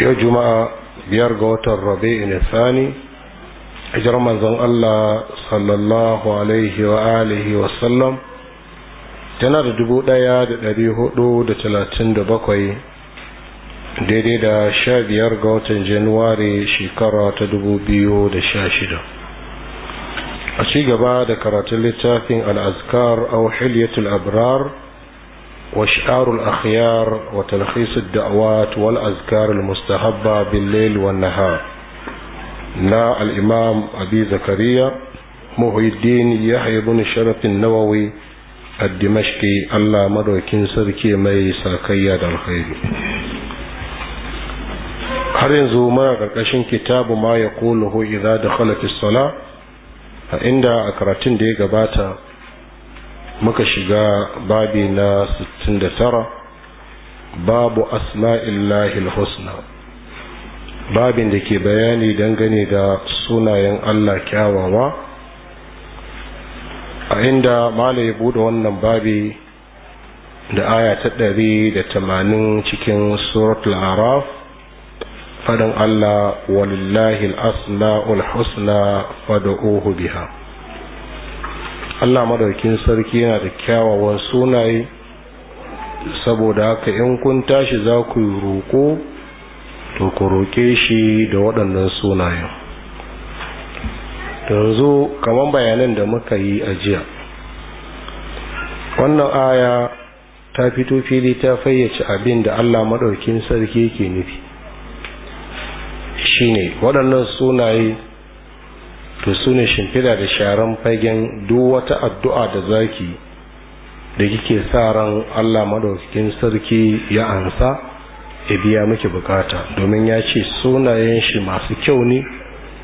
yau juma'a biyar ga watan rabi'i ne sani hijar manzon Allah sallallahu alaihi wa alihi wa sallam tana da dubu daya da dari hudu da talatin da bakwai daidai da sha biyar ga watan januwari shekara ta dubu biyu da sha shida a cigaba da karatun littafin al'azkar a hilyatul abrar وشعار الأخيار وتلخيص الدعوات والأذكار المستحبة بالليل والنهار نا الإمام أبي زكريا محي الدين يحيى بن شرف النووي الدمشقي الله مدوكين سركي مي ساكيا الخير har yanzu muna ƙarƙashin kitabu ma ya ƙuluhu idza dakhala fi sala inda a karatun da muka shiga babi na 69 babu asma'illahil husna babin da ke bayani dangane da sunayen Allah kyawawa a inda mala ya bude wannan babi da aya ta ɗari da tamanin cikin suratul araf faɗin Allah walillahi asma'ul husna fada biha Allah madaukin sarki yana da kyawawan sunaye saboda haka in kun tashi za ku yi roƙo to ku roƙe shi da waɗannan sunayen yanzu kamar bayanan da muka yi a jiya wannan aya ta fito fili ta fayyace abin da Allah maɗaukin sarki ke nufi shine waɗannan sunaye to su ne shimfida da sharan fagen duk wata addu'a da zaki da kike sa ran Allah maɗaukakin sarki ya ansa ya biya miki bukata domin ya ce sunayen shi masu kyau ne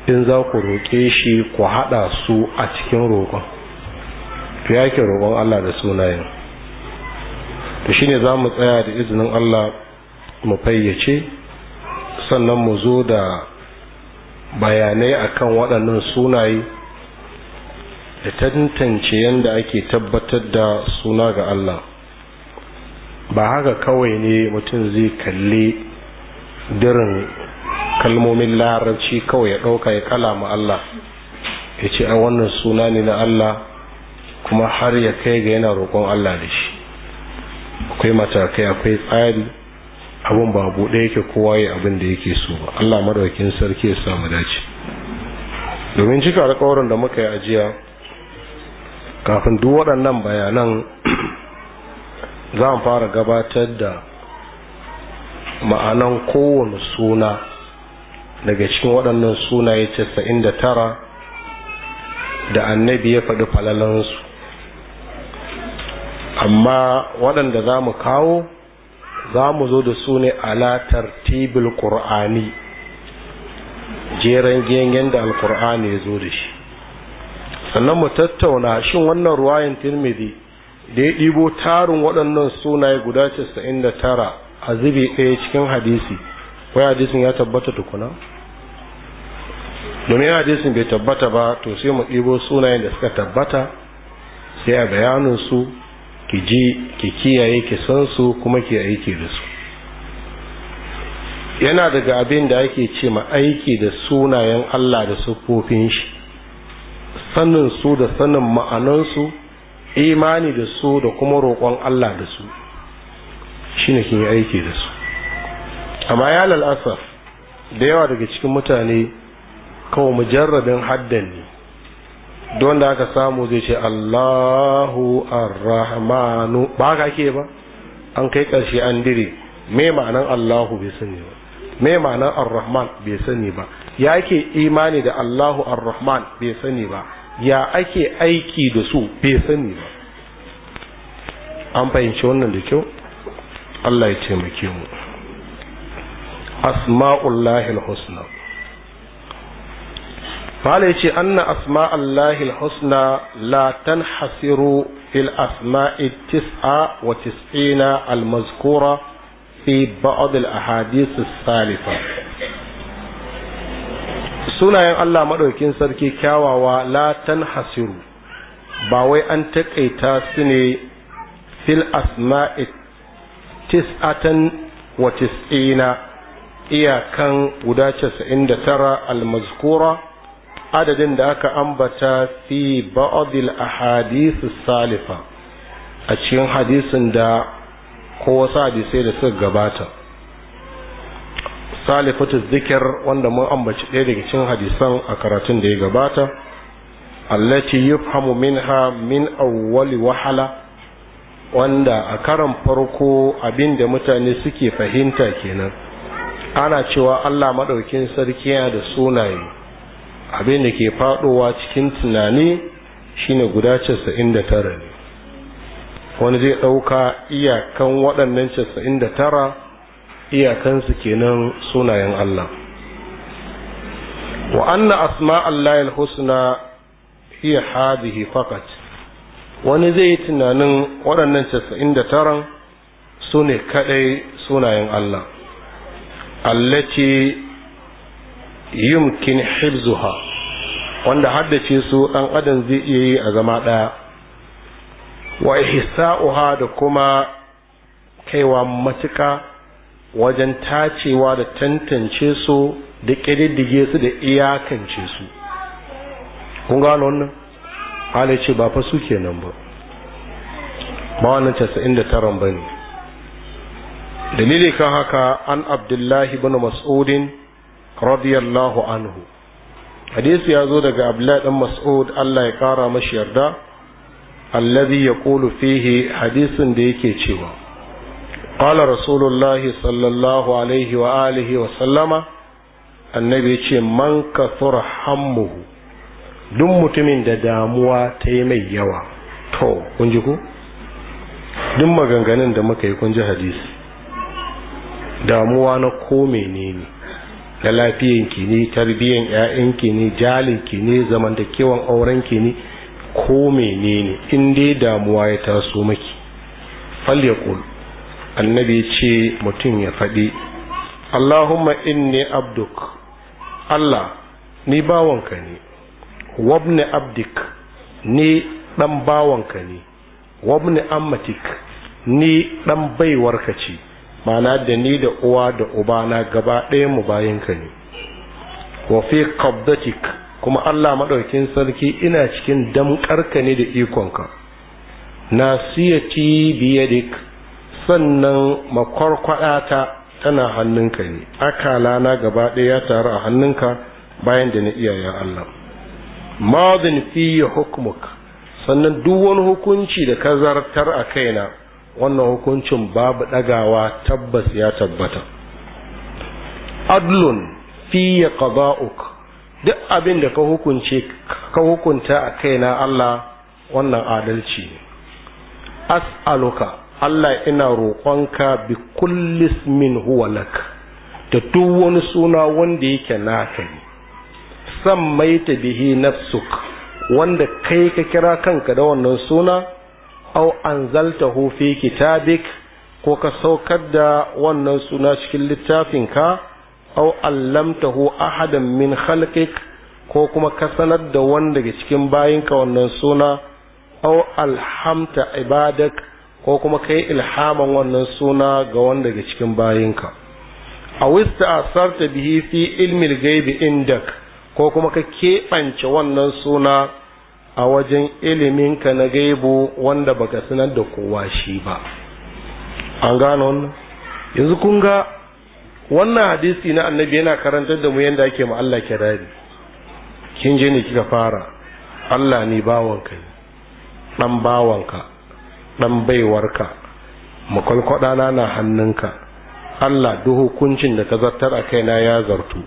in za ku roƙe shi ku haɗa su a cikin roƙon to ya ke roƙon Allah da sunayen to shine za mu tsaya da izinin Allah mu fayyace sannan mu zo da bayanai akan waɗannan sunaye da tantance yadda ake tabbatar da suna ga Allah ba haka kawai ne mutum zai kalli dirin kalmomin larabci kawai ya ɗauka ya ma Allah ya ce a wannan suna ne na Allah kuma har ya kai ga yana roƙon Allah da shi akwai matakai akwai tsari abun ba buɗe yake kowa ya abin da yake so ba Allah maɗaukin sarki ya sa dace domin cika alƙawarin da muka yi ajiya kafin duk waɗannan bayanan za mu fara gabatar da ma'anan kowane suna daga cikin waɗannan sunaye casa'in da tara da annabi ya faɗi falalansu amma waɗanda za mu kawo za mu zo da su ne ala tartibul qur'ani jeren gengen da alqur'ani ya zo da shi sannan mu tattauna shin wannan ruwayan tirmidhi da ya ɗibo tarin waɗannan sunaye guda 99 a zubi ɗaya cikin hadisi ko hadisin ya tabbata tukuna domin hadisin bai tabbata ba to sai mu ɗibo sunayen da suka tabbata sai a bayanin su ki je ki kiyaye ki san su kuma ki aiki da su yana daga abin da ake ce ma aiki da sunayen Allah da siffofin shi sanin su da sanin ma'anansu imani da su da kuma roƙon Allah da su shine kin aiki da su amma ya lalasaf da yawa daga cikin mutane kawo mujarrabin haddan don da aka samu zai ce Allahu arrahmanu ba ka ke ba an kai ƙarshe an dire me ma'anan Allahu bai sani ba me ma'anan arrahman bai sani ba ya ake imani da Allahu arrahman bai sani ba ya ake aiki da su bai sani ba an fahimci wannan da kyau Allah ya taimake mu asma'ullahi husna malai ce anna asma Allahil husna la tanhasiru fil asma'i tis'a wa tis'ina al-mazkura fi ba'd al-ahadith as-salifa sunayen Allah madaukin sarki kyawawa la tanhasiru ba wai an taƙaita su ne fil asma'i tis'atan wa tis'ina iyakan guda 99 al-mazkura adadin da aka ambata fi ba'adil ahadisu salifa a cikin hadisin da ko wasu hadisai da suka gabata salifatu zikir wanda mun ambaci ɗaya daga cikin hadisan a karatun da ya gabata allati yufhamu minha min awwali wahala wanda a karan farko abin da mutane suke fahimta kenan ana cewa Allah maɗaukin sarki yana da sunaye abin da ke faɗowa cikin tunani shine guda casa'in da tara ne wani zai ɗauka iyakan waɗannan casa'in da tara iyakansu kenan sunayen Allah wa anna asma Allah husna hiya hadhihi faqat wani zai yi tunanin waɗannan casa'in da taran su ne kaɗai sunayen Allah allaci yumkin hibzuha wanda haddace su ɗan adam zai iya yi a zama ɗaya wa ihsa'uha da kuma kaiwa matuka wajen tacewa da tantance su da ƙididdige su da iyakance su kun gano wannan hali ce ba fa su kenan ba ba wannan casa'in da taron ba ne dalilin kan haka an abdullahi bin mas'udin radiyallahu anhu hadisi ya zo daga abdullahi dan mas'ud Allah ya kara mashi yarda alladhi yaqulu fihi hadisin da yake cewa qala rasulullahi sallallahu alaihi wa alihi wa sallama annabi ya ce man kathura hammuhu duk mutumin da damuwa ta yi mai yawa to kun ji ku duk maganganun da muka yi kun ji hadisi damuwa na ko menene na lafiyanki ne tarbiyan ƴaƴanki ne jalinki ne zamantakewan aurenki ne ko menene in dai damuwa ya taso maki yaqul annabi ya ce mutum ya faɗi allahumma inni abduk allah ni bawanka ne wabni abdik ni ɗan bawanka ne wabni ammatik ni ɗan baiwarka ce ma'ana da ni da uwa da uba na gaba ɗaya mu ka ne wa fi qabdatik kuma Allah madaukin sarki ina cikin damƙarka ne da ikonka nasiyati biyadik sannan makwarkwadata tana hannunka ne akala na gaba ɗaya ya taru a hannunka bayan da na iyayen Allah madin fi hukmuk sannan duk wani hukunci da ka zartar a kaina wannan hukuncin babu ɗagawa tabbas ya tabbata adlun fiye qada'uk duk abin da ka hukunce ka hukunta a kaina Allah wannan adalci ne as'aluka Allah ina roƙonka bi kullis min huwa lak da duk wani suna wanda yake naka ne san maita bihi nafsuk wanda kai ka kira kanka da wannan suna au anzaltahu fi kitabik ko ka saukar da wannan suna cikin littafinka au allamtahu ahadan min khalqik ko kuma ka sanar da wanda daga cikin bayinka wannan suna au alhamta ibadak ko kuma ka yi ilhaman wannan suna ga wanda daga cikin bayinka a wista asarta bihi fi ilmil gaibi indak ko kuma ka keɓance wannan suna a wajen iliminka na gaibu wanda baka sanar da kowa shi ba an gano wannan yanzu kun ga wannan hadisi na annabi yana karantar da mu yadda ake ma Allah kirari kin je ne kika fara Allah ni bawanka ne dan bawanka dan baiwarka makwalkwaɗana na hannunka Allah duk hukuncin da ka zartar a kaina ya zartu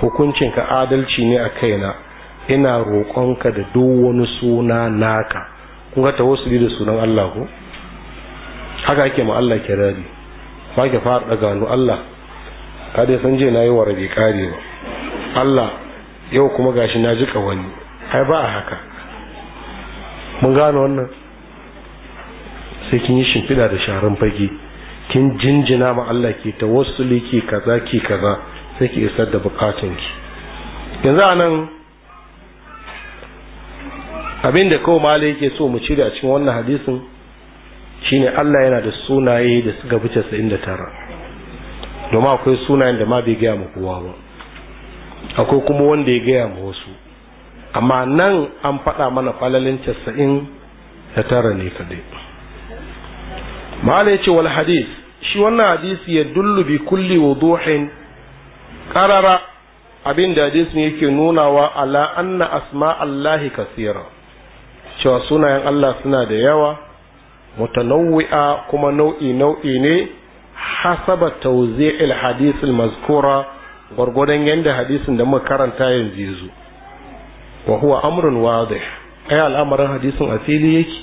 hukuncinka adalci ne a kaina ina roƙonka da duk wani suna naka kun ga tawassuli da sunan Allah ko haka ake ma Allah kirari ba ke fara daga wani Allah ka dai san je nayi wara kare ba Allah yau kuma gashi na ji wani ai ba a haka mun gano wannan sai kin yi shimfiɗa da sharan fage kin jinjina ma Allah ke tawassuli ki kaza ki kaza sai ki isar da bukatunki yanzu anan abin da kawai malai yake so mu cire a cikin wannan hadisin shine Allah yana da sunaye da suka fi casa'in da tara domin akwai sunayen da ma bai gaya mu kowa ba akwai kuma wanda ya gaya mu wasu amma nan an faɗa mana falalin casa'in da tara ne kadai malai ce wal hadis shi wannan hadisi ya dullu bi kulli wuduhin qarara abin da hadisin yake nunawa ala anna asma kasira cewa sunayen Allah suna da yawa mutanawwi'a kuma nau'i nau'i ne hasaba tawzi'il hadith al-mazkura gwargwadon yanda hadisin da muka karanta yanzu yazo wa huwa amrun wadih ai al'amarin hadisin asili yake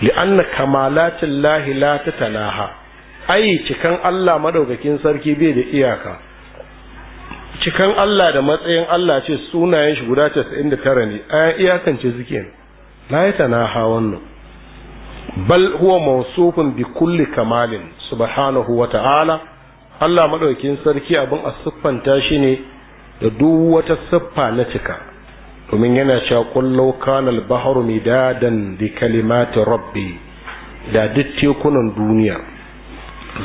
li'anna kamalatin lahi la tatanaha ai cikan Allah madaukakin sarki bai da iyaka cikan Allah da matsayin Allah ce sunayen shi guda 99 ne ai iyakance suke ne la ya tanaha wannan bal huwa mawsufun bi kulli kamalin subhanahu wa ta'ala Allah maɗaukin sarki abin a siffanta shi ne da duk wata siffa na cika domin yana cewa kullau kana al-bahru midadan bi kalimati rabbi da duk tekunan duniya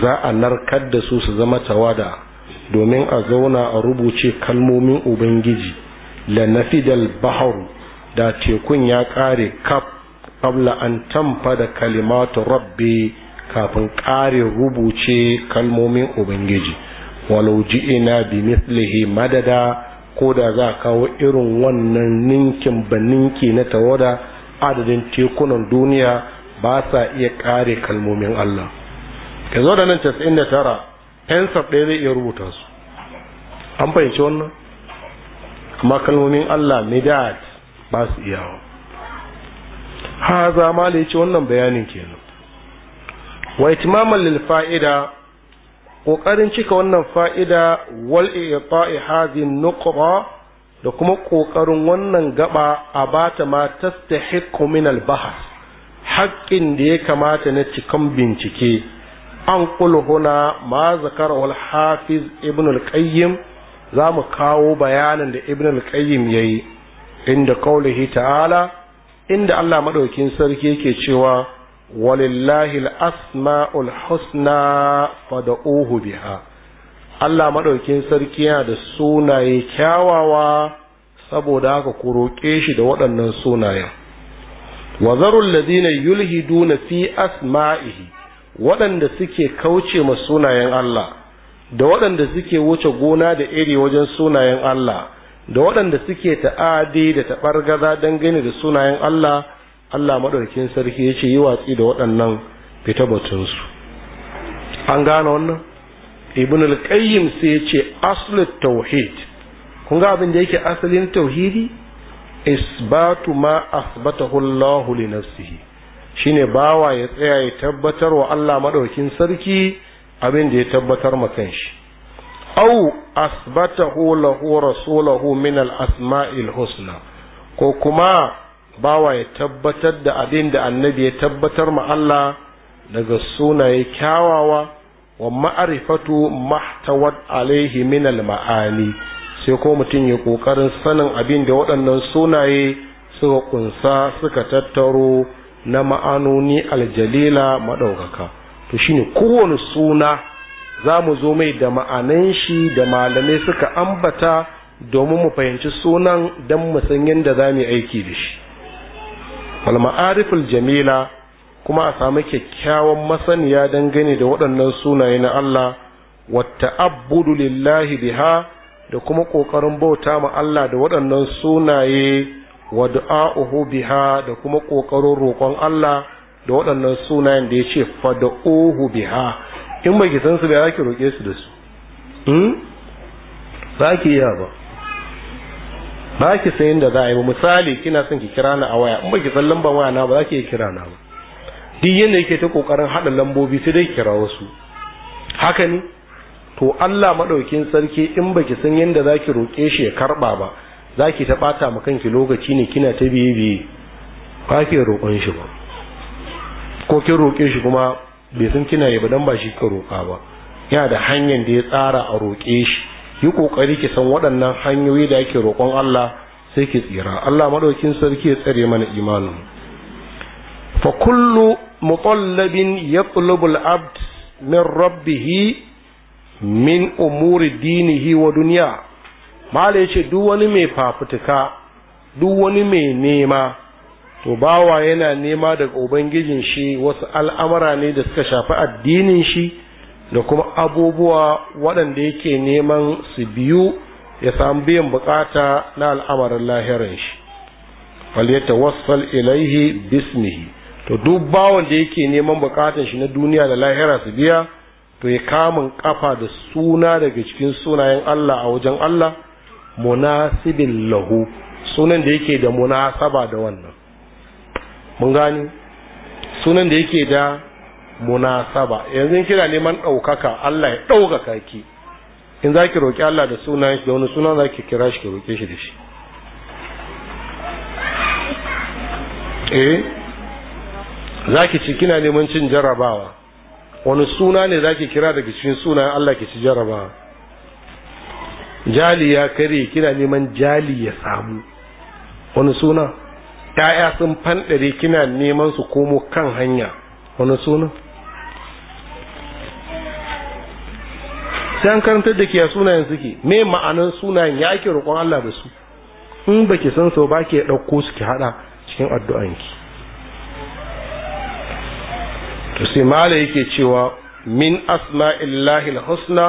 za a narkar da su su zama tawada domin a zauna a rubuce kalmomin ubangiji la nafidal bahru da tekun ya kare kaf qabla an tamfa da kalimatu rabbi kafin kare rubuce kalmomin ubangiji walau ji'ina bi mithlihi madada ko da za kawo irin wannan ninkin ba ninki na tawada adadin tekunan duniya ba sa iya kare kalmomin Allah ka zo da nan 99 'yan ɗaya zai iya rubuta su an fahimci wannan amma kalmomin Allah midad ba su iyawa ha za ma ce wannan bayanin kenan wa itimaman lil fa'ida ƙoƙarin cika wannan fa'ida wal iqa'i hadhin nuqra da kuma ƙoƙarin wannan gaba a bata ma tastahiqu min al bahas haƙƙin da ya kamata na cikan bincike an huna ma zakarahu al hafiz ibn al qayyim za mu kawo bayanin da ibn al qayyim yayi inda qaulihi ta'ala inda Allah Maɗaukin sarki yake cewa walillahi al-asma'ul husna fad'uhu biha Allah Maɗaukin sarki yana da sunaye kyawawa saboda haka ku roƙe shi da waɗannan sunayen wa zarul ladina yulhiduna fi asma'ihi waɗanda suke kauce ma sunayen Allah da waɗanda suke wuce gona da iri wajen sunayen Allah da waɗanda suke ta'adi da taɓargaza dangane da sunayen Allah Allah maɗaukin sarki ya ce yi watsi da waɗannan fita batunsu an gane wannan ibn al-qayyim sai ya ce aslul tauhid kun ga abin da yake asalin tauhidi isbatu ma asbatahu Allah li nafsihi shine bawa ya tsaya ya tabbatar wa Allah maɗaukin sarki abin da ya tabbatar ma kanshi au asbatahu lahu rasulahu min al-asma'il husna ko kuma bawa ya tabbatar da abin da annabi ya tabbatar ma Allah daga sunaye kyawawa wa ma'arifatu mahtawat alaihi min maani sai ko mutum ya ƙoƙarin sanin abin da waɗannan sunaye suka kunsa suka tattaro na ma'anoni aljalila maɗaukaka to ne kowane suna za mu zo mai da ma'anan shi da malamai suka ambata domin mu fahimci sunan don mu san yadda za mu aiki da shi wal jamila kuma a samu kyakkyawan masaniya dangane da waɗannan sunaye na Allah wata abudu lillahi biha da kuma ƙoƙarin bauta ma Allah da waɗannan sunaye wa du'a'uhu biha da kuma ƙoƙarin roƙon Allah da waɗannan sunayen da ya ce fada'uhu biha in ba ki san su ba za ki roƙe su da su hmm? ba ki iya ba ba ki san yadda za a yi ba misali kina son ki kira na a waya in ba ki san lambar waya na ba za ki iya kira na ba duk yadda yake ta kokarin haɗa lambobi sai dai kira wasu haka ne to Allah maɗaukin sarki in ba ki san yadda za ki roƙe shi ya karɓa ba za ki ta ɓata ma kanki lokaci ne kina ta biye biye ba ki roƙon shi ba ko kin roƙe shi kuma bai san kina yi ba dan ba shi ka roƙa ba yana da hanyar da ya tsara a roƙe shi yi kokari ki san waɗannan hanyoyi da ake roƙon Allah sai ki tsira Allah madaukin sarki ya tsare mana imanin fa kullu mutallabin yatlubu al-abd min rabbih min umuri dinihi wa dunya mala ce duk wani mai fafutuka duk wani mai nema to bawa yana nema daga ubangijin shi wasu al'amura ne da suka shafi addinin shi da kuma abubuwa waɗanda yake neman su biyu ya samu biyan bukata na al'amarin lahirin shi faliyata wasfal ilaihi bismihi to duk bawon da yake neman bukatan shi na duniya da lahira su biya to ya kamun kafa da suna daga cikin sunayen Allah a wajen Allah munasibin lahu sunan da yake da munasaba da wannan mun gani sunan da yake da munasaba yanzu kina neman ɗaukaka Allah ya ɗaukaka ki in za ki roƙi Allah da sunan shi da wani sunan za ki kira shi ki roƙe shi da shi eh za ki ci kina neman cin jarabawa wani suna ne za ki kira daga cikin sunayen Allah ki ci jarabawa jali ya kare kina neman jali ya samu wani suna 'ya'ya sun fanɗare kina neman su komo kan hanya wani suna sai an da ke sunayen suke me ma'anan sunayen ya ake roƙon Allah da su in ba ki san so ba ke ɗauko su ki haɗa cikin addu'anki to sai mala yake cewa min asma'illahi la husna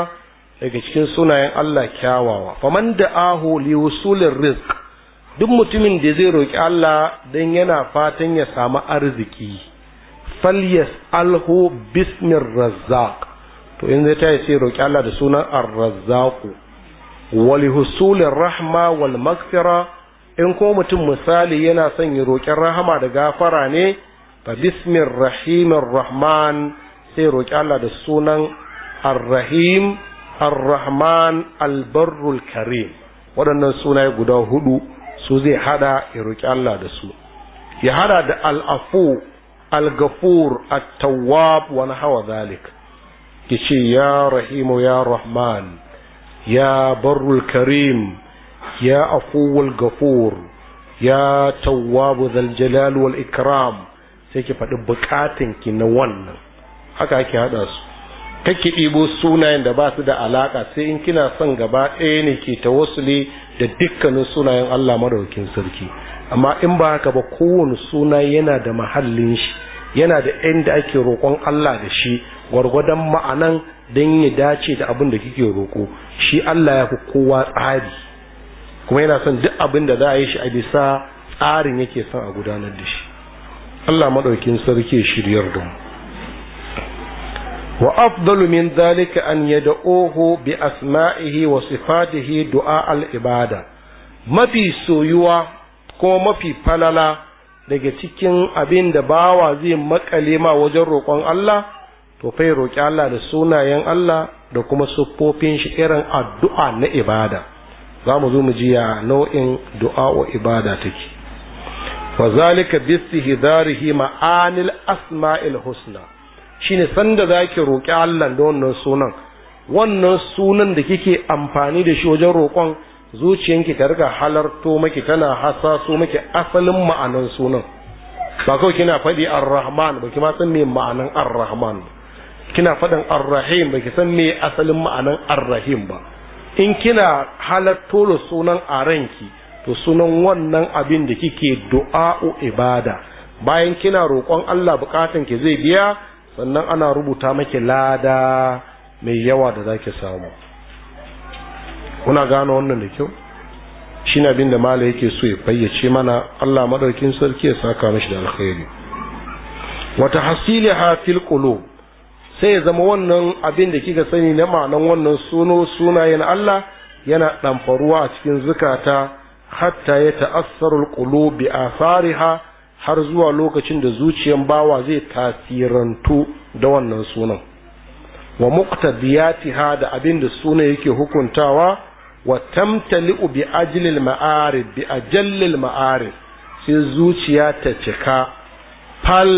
daga cikin sunayen Allah kyawawa faman da aho li wusulin rizq duk mutumin da zai roƙi Allah don yana fatan ya samu arziki falyas alhu bismin razzaq to in zai tayi sai roƙi Allah da sunan ar-razzaq wal husulir rahma wal magfira in ko mutum misali yana son ya roƙi rahama da gafara ne fa bismir rahimir rahman sai roƙi Allah da sunan ar-rahim ar-rahman al-barrul karim waɗannan sunaye guda hudu su zai hada ya roki Allah da su ya hada da al-afu al-ghafur at-tawwab wa nahwa zalik kici ya rahimu ya rahman ya barrul karim ya afuwul ghafur ya tawwabu dhal jalal wal ikram sai ki faɗi bukatun ki na wannan haka ake hada su kake ɗibo sunayen da ba su da alaka sai in kina son gaba ɗaya ne ke tawassuli da dukkanin sunayen Allah madaukakin sarki amma in ba haka ba kowane suna yana da mahallin shi yana da inda ake roƙon Allah da shi gwargwadon ma'anan don ya dace da abin da kike roƙo shi Allah ya fi kowa tsari kuma yana son duk abin da za a yi shi a bisa tsarin yake son a gudanar da shi Allah maɗaukin sarki shiryar da mu وأفضل من ذلك أن يدعوه بأسمائه وصفاته دعاء العبادة ما في mafi كما ما في falala daga cikin abin da bawa zai makale ma wajen roƙon Allah to fai roƙi Allah da sunayen Allah da kuma siffofin shi irin addu'a na ibada za mu zo mu ji ya nau'in du'a wa ibada take wa zalika bi istihdarihi ma'anil asma'il husna shine sanda zaki roƙi Allah da wannan sunan wannan sunan da kike amfani da shi wajen roƙon zuciyanki ta riga halarto miki tana hasaso maki asalin ma'anan sunan ba kawai kina faɗi ar-rahman ba ki ma san me ma'anan ar-rahman kina faɗin ar-rahim ba ki san me asalin ma'anan ar-rahim ba in kina halarto da sunan a ranki to sunan wannan abin da kike du'a'u ibada bayan kina roƙon Allah bukatan ki zai biya sannan ana rubuta maki lada mai yawa da zaki samu kuna gano wannan da kyau shi na abin da mala yake so ya fayyace mana Allah maɗaukin sarki ya saka mashi da alkhairi wata hasili ha fil sai ya zama wannan abin da kika sani na ma'anan wannan suno sunayen Allah yana ɗamfaruwa a cikin zukata hatta ya ta'assarul qulub bi Fariha. har zuwa lokacin da zuciyan bawa zai tasirantu da wannan sunan wa ha da abin da suna yake hukuntawa wa tamtali'u bi ajlil ma'arib bi ajallil ma'arib sai zuciya ta cika fal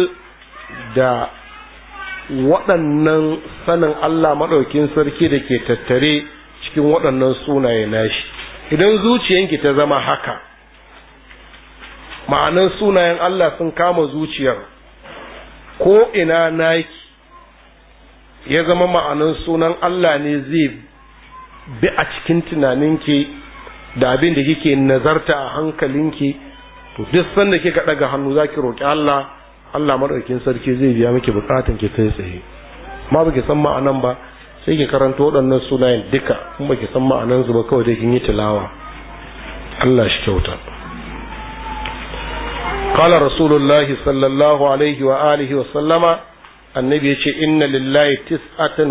da waɗannan sanin Allah maɗaukin sarki da ke tattare cikin waɗannan sunaye nashi idan zuciyanki ta zama haka ma'anan sunayen Allah sun kama zuciyar ko ina naki ya zama ma'anan sunan Allah ne zai bi a cikin tunaninki da abin da kike nazarta a hankalinki to duk sanda kika daga hannu zaki roki Allah Allah madaukakin sarki zai biya miki bukatun ki kai tsaye ma baki san ma'anan ba sai ki karanta waɗannan sunayen duka kuma baki san ma'anan su ba kawai dai kin yi tilawa Allah shi kyauta qala rasulullahi sallallahu alaihi wa alihi wa sallama annabi yace inna lillahi tis'atan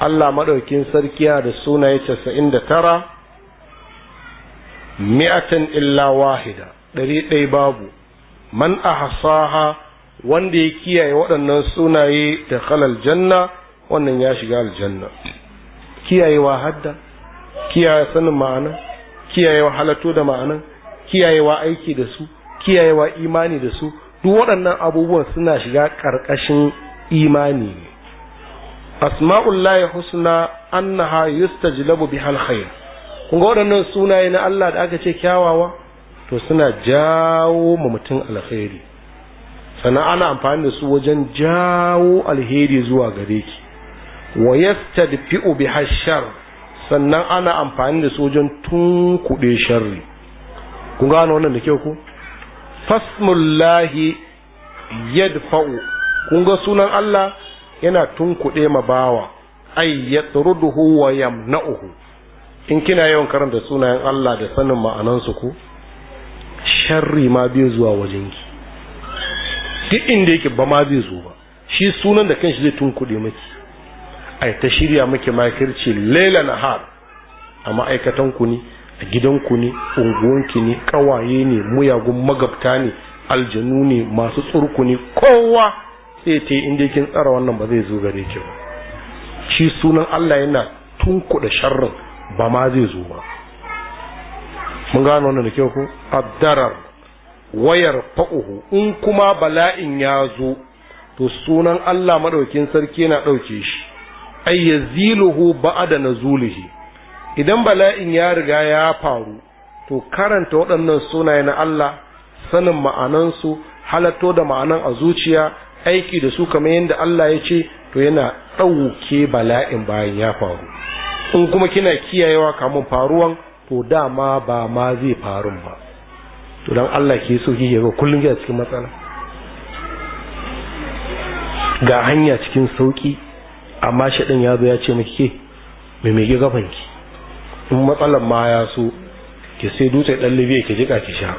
Allah maɗaukin sarki yana da sunaye 99 mi'atan illa wahida ɗari ɗaya babu man ahsaha wanda ya kiyaye waɗannan sunaye da halal janna wannan ya shiga aljanna kiyayewa hadda kiyaye sanin ma'ana kiyayewa halatu da ma'anan kiyayewa aiki da su kiyayewa imani da su duk waɗannan abubuwan suna shiga ƙarƙashin imani ne asma'ullahi husna annaha yustajlabu bihal khair kun ga waɗannan sunaye na Allah da aka ce kyawawa to suna jawo ma mutum alheri, sannan ana amfani da su wajen jawo alheri zuwa gare ki wa yastadfi'u bihashar sannan ana amfani da su wajen tunkuɗe sharri kun gano wannan da kyau ku fasmullahi yadfa'u kun ga sunan Allah yana tunkuɗe ma bawa ai yatruduhu wa yamna'uhu in kina yawan karanta sunayen Allah da sanin ma'anan su ku sharri ma bai zuwa wajen wajenki duk inda yake ba ma bai zo ba shi sunan da kanshi zai tunkuɗe miki ai ta shirya miki makirci laila nahar a ma'aikatan ku ne a gidanku ne unguwanki ne kawaye ne muyagun magabta ne aljanu ne masu tsurku ne kowa sai ta yi inda kin tsara wannan ba zai zo gare ki ba shi sunan Allah yana tunkuɗa sharrin ba ma zai zo ba mun gano wannan da kyau ko addarar wayar fa'uhu in kuma bala'in ya zo to sunan Allah madaukin sarki yana ɗauke shi ay yaziluhu ba'da nazulihi idan bala'in ya riga ya faru to karanta waɗannan sunaye na Allah sanin ma'anansu halatto da ma'anan a zuciya aiki da su kamar yadda Allah ya ce to yana ɗauke bala'in bayan ya faru in kuma kina kiyayewa kamun faruwan to dama ba ma zai faru ba to don Allah ke so ki ga kullum ga cikin matsala ga hanya cikin sauki amma shaɗin ya zo ya ce miki ke me me gafanki in matsalan ma ya so ki sai dutse dan libiya ki jika ki sha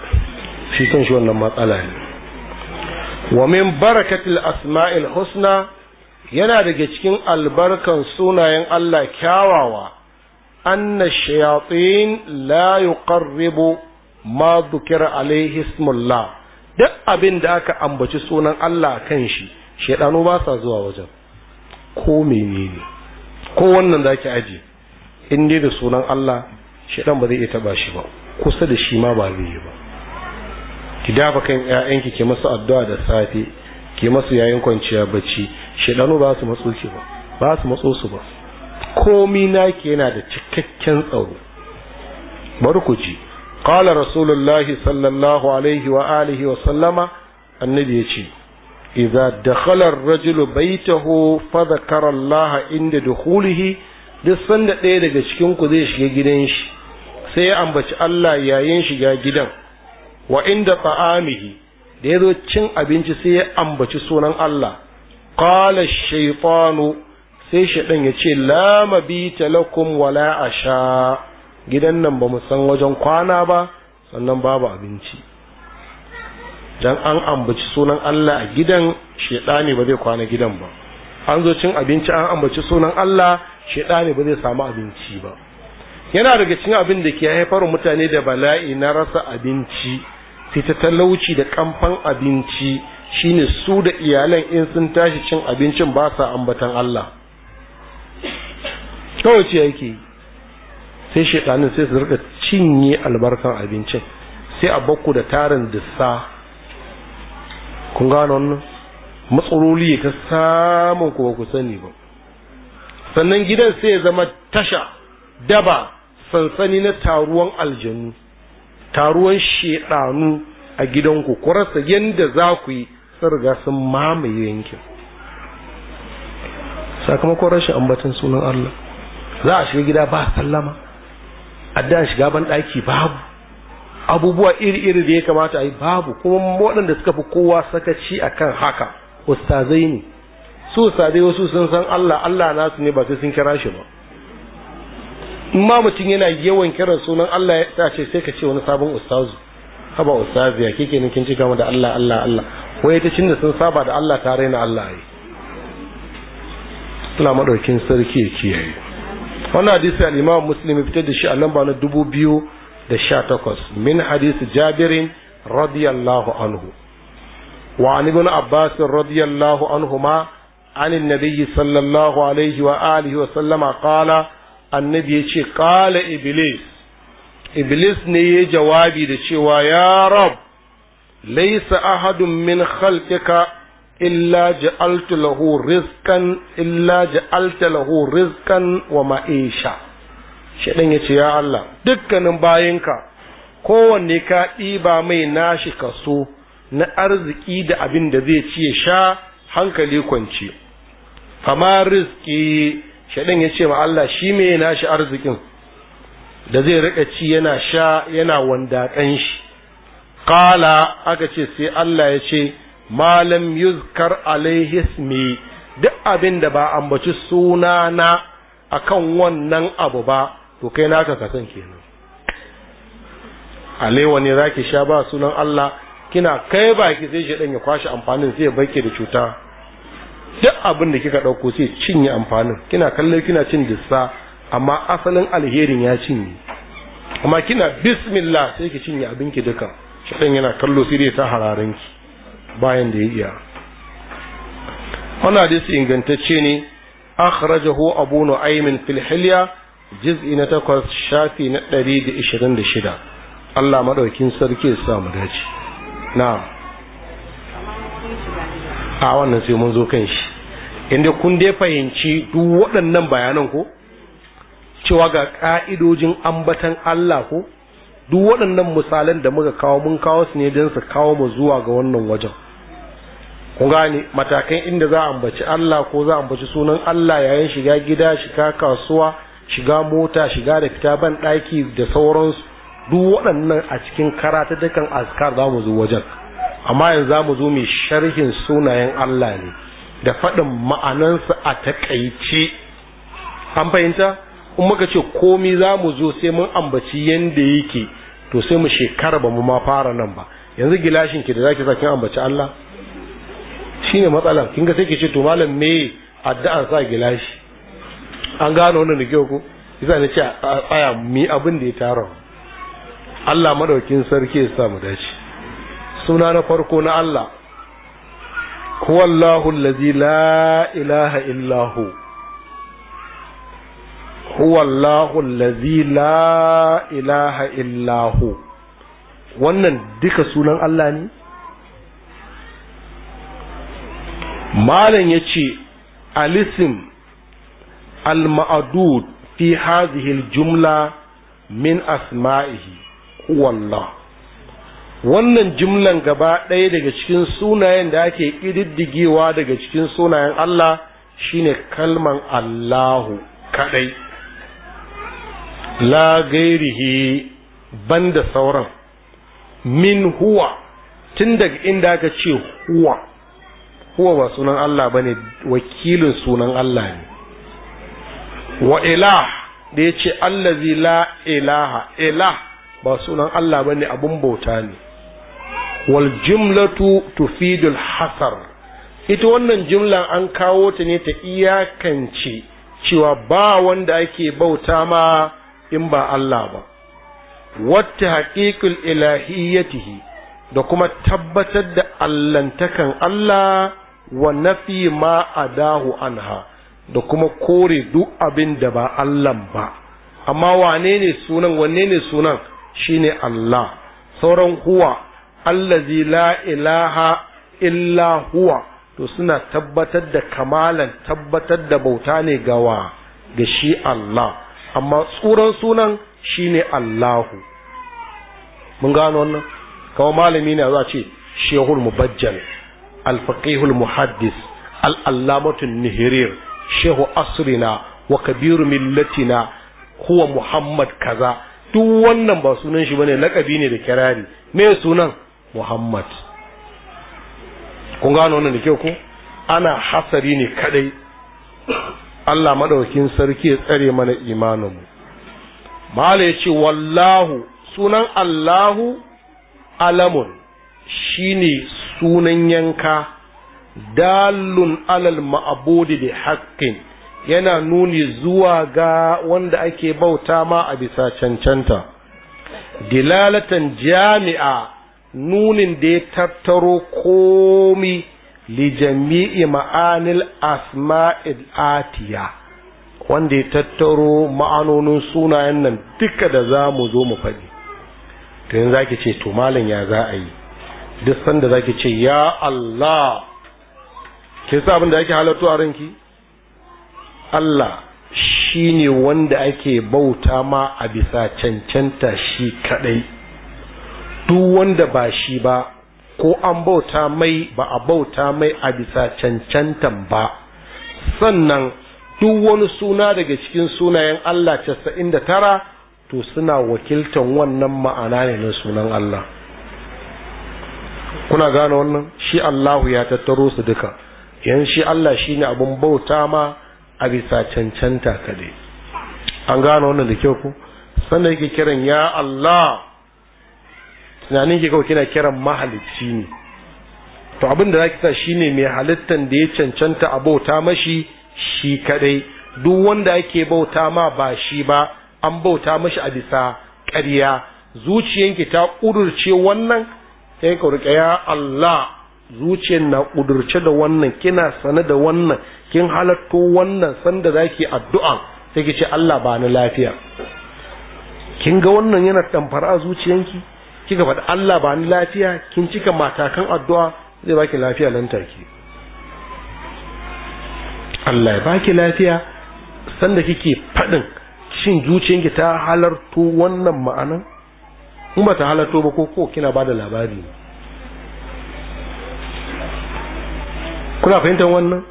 shi kan shi wannan matsala ne wa min barakatil asma'il husna yana daga cikin albarkan sunayen Allah kyawawa anna shayatin la yuqarribu ma dhukira alayhi ismullah duk abin da aka ambaci sunan Allah kan shi shaidanu ba sa zuwa wajen ko menene ko wannan zaki ajiye in dai da sunan Allah shedan ba zai iya taɓa shi ba kusa da shi ma ba zai yi ba ki dafa kan ƴaƴanki ke masu addu'a da safe ke masu yayin kwanciya bacci shedanu ba su matso ki ba ba su matso su ba komi naki yana da cikakken tsaro bari ku ji qala rasulullahi sallallahu alaihi wa alihi wa sallama annabi ya ce idza dakhala ar-rajulu baytahu fa dhakara Allah inda dukhulihi duk sanda ɗaya daga cikin ku zai shiga gidan shi sai ya ambaci Allah yayin shiga gidan wa inda ta'amihi da ya zo cin abinci sai ya ambaci sunan Allah qala shaytanu sai shaɗan ya ce la mabita lakum wala asha gidan nan ba mu san wajen kwana ba sannan babu abinci dan an ambaci sunan Allah a gidan ne ba zai kwana gidan ba an zo cin abinci an ambaci sunan Allah ne ba zai samu abinci ba yana daga cikin abin da ke haifar mutane da bala'i na rasa abinci fita talauci da kamfan abinci shine su da iyalan in sun tashi cin abincin ba sa ambatan Allah kawai ce yake sai shekanin sai su rika cinye albarkan abincin sai a bakku da tarin dissa kun gano wannan matsaloli ta samun ku ba ku sani ba sannan gidan sai ya zama tasha daba sansani na taruwan aljanu taruwan shedanu a gidanku ku rasa yadda za ku yi sun sun mamaye yankin sakamakon rashin ambatan sunan Allah za a shiga gida ba sallama a shiga ban daki babu abubuwa iri-iri da ya kamata a yi babu kuma waɗanda suka fi kowa sakaci akan haka ustazai ne su sadai wasu sun san Allah Allah nasu ne ba sai sun kira shi ba in ma mutum yana yawan kiran sunan Allah ya ta ce sai ka ce wani sabon ustazu haba ustazu ya kike kin ci gama da Allah Allah Allah wai ta cin da sun saba da Allah ta raina Allah ai Allah madaukin sarki ya kiyaye wannan hadisi al-Imam Muslim ya fitar da shi a lamba na 2018 min hadisi Jabirin radiyallahu anhu وعن ابن عباس رضي الله عنهما عن النبي صلى الله عليه وآله وسلم قال النبي يشي قال إبليس إبليس ني جوابي دشي يا رب ليس أحد من خلقك إلا جعلت له رزقا إلا جعلت له رزقا ومعيشة شيطان يشي يا الله دكا باينك kowanne ka ɗiba mai nashi kaso na arziki da abin da zai ci ya sha hankali kwance fama rizki shaɗin ya ce ma Allah shi me na shi arzikin da zai riƙa ci yana sha yana wandaƙan shi ƙala aka ce sai Allah ya ce malam yuzkar alaihi duk abin da ba ambaci sunana na kan wannan abu ba to kai naka kasan kenan alaiwa ne zaki sha ba sunan Allah kina kai baki sai shaɗin ya kwashe amfanin sai ya barke da cuta duk abin da kika ɗauko sai cinye amfanin kina kallo kina cin dissa amma asalin alherin ya cinye amma kina bismillah sai ki cinye abinki duka shaɗan yana kallo sai dai ta ki bayan da ya iya wannan hadisi ingantacce ne akhrajahu abu nu'aym fil hilya juz'i na takwas shafi na ɗari da ishirin shida Allah madaukin sarki ya sa mu dace na'am a wannan sai mun zo kan shi inda kun dai fahimci duk waɗannan bayanan ko cewa ga ƙa'idojin ambatan Allah ko duk waɗannan misalan da muka kawo mun kawo su ne don su kawo mu zuwa ga wannan wajen Ku gane matakan inda za a ambaci Allah ko za a ambaci sunan Allah yayin shiga gida shiga kasuwa shiga mota shiga da fita ban ɗaki da sauransu duk waɗannan a cikin karata dukan askar za mu zo wajen amma yanzu za mu zo mai sharhin sunayen Allah ne da faɗin ma'anansa a takaice an fahimta in muka ce komi za mu zo sai mun ambaci yanda yake to sai mu shekara ba mu ma fara nan ba yanzu gilashin ki da zaki sa kin ambaci Allah shine matsalar kin ga sai ki ce to malam me addu'ar sa gilashi an gano wannan da kyau ko yasa ne ce a tsaya mi abin da ya tara Allah madaukin sarki ya sa mu dace suna na farko na Allah huwallahu allazi la ilaha illahu huwallahu allazi la ilaha illahu wannan duka sunan Allah ne malam ya ce alisim al-ma'dud fi hadhihi al-jumla min asma'ihi huwallahu wannan jimlan gaba ɗaya daga cikin sunayen da ake ƙididdigewa daga cikin sunayen Allah shine kalman Allahu kaɗai la gairihi banda sauran min huwa tun daga inda aka ce huwa huwa ba sunan Allah ba ne wakilin sunan Allah ne wa ilah da ya ce allazi la ilaha ilah ba sunan Allah ba ne abun bauta ne wal jumlatu tufidul hasar ita wannan jumla an kawo ta ne ta iyakance cewa ba wanda ake bauta ma in ba Allah ba wata haƙiƙul ilahiyyatihi da kuma tabbatar da allantakan Allah wa nafi ma adahu anha da kuma kore duk abin da ba Allah ba amma wane ne sunan wanne ne sunan shine Allah sauran huwa allazi la ilaha illa huwa to suna tabbatar da kamalan tabbatar da bauta ne gawa ga shi Allah amma tsuran sunan shine Allahu mun gano wannan kawai malami ne za ce shehul mubajjal alfaqihul muhaddis al al'allamatun nihirir shehu asrina wa kabiru millatina huwa muhammad kaza duk wannan ba sunan shi bane lakabi ne da kirari me sunan muhammad kun gano wannan da kyau ko ana hasari ne kadai Allah madaukin sarki ya tsare mana imaninmu mala ya ce wallahu sunan allahu alamun shine sunan yanka dalun alal ma'budi da haƙƙin yana nuni zuwa ga wanda ake bauta ma a bisa cancanta dilalatan jami'a nunin da ya tattaro komi li jami'i ma'anil asma'il atiya wanda ya tattaro ma'anonin sunayen nan duka da za mu zo mu faɗi to yanzu zaki ce to malam ya za a yi duk sanda zaki ce ya Allah ke sa abin da ake halatto a ranki Allah shine wanda ake bauta ma a bisa cancanta shi kaɗai. duk wanda ba shi ba ko an bauta mai ba a bauta mai a bisa cancantan ba sannan duk wani suna daga cikin sunayen Allah casa'in da tara to suna wakiltan wannan ma'ana ne na sunan Allah kuna gane wannan shi Allahu ya tattaro su duka yan shi Allah shi ne abin bauta ma a bisa cancanta kadai an gane wannan da kyau ku sannan yake kiran ya Allah tunanin ki kawai kina kiran mahalicci ne to abin da zaki sa shine mai halittan da ya cancanta a bauta mashi shi kadai duk wanda ake bauta ma ba shi ba an bauta mashi a bisa ƙarya zuciyanki ta ƙudurce wannan sai ka rike ya Allah zuciyar na ƙudurce da wannan kina sane da wannan kin halatto wannan sanda zaki addu'a sai ki ce Allah ba ni lafiya kin ga wannan yana tamfara a zuciyanki kika faɗi Allah ba ni lafiya kin cika matakan addu'a zai baki lafiya nan take Allah ya baki lafiya sanda kike faɗin shin ki ta halarto wannan ma'anan in ba ta halarto ba ko ko kina bada da labari ne kuna fahimtar wannan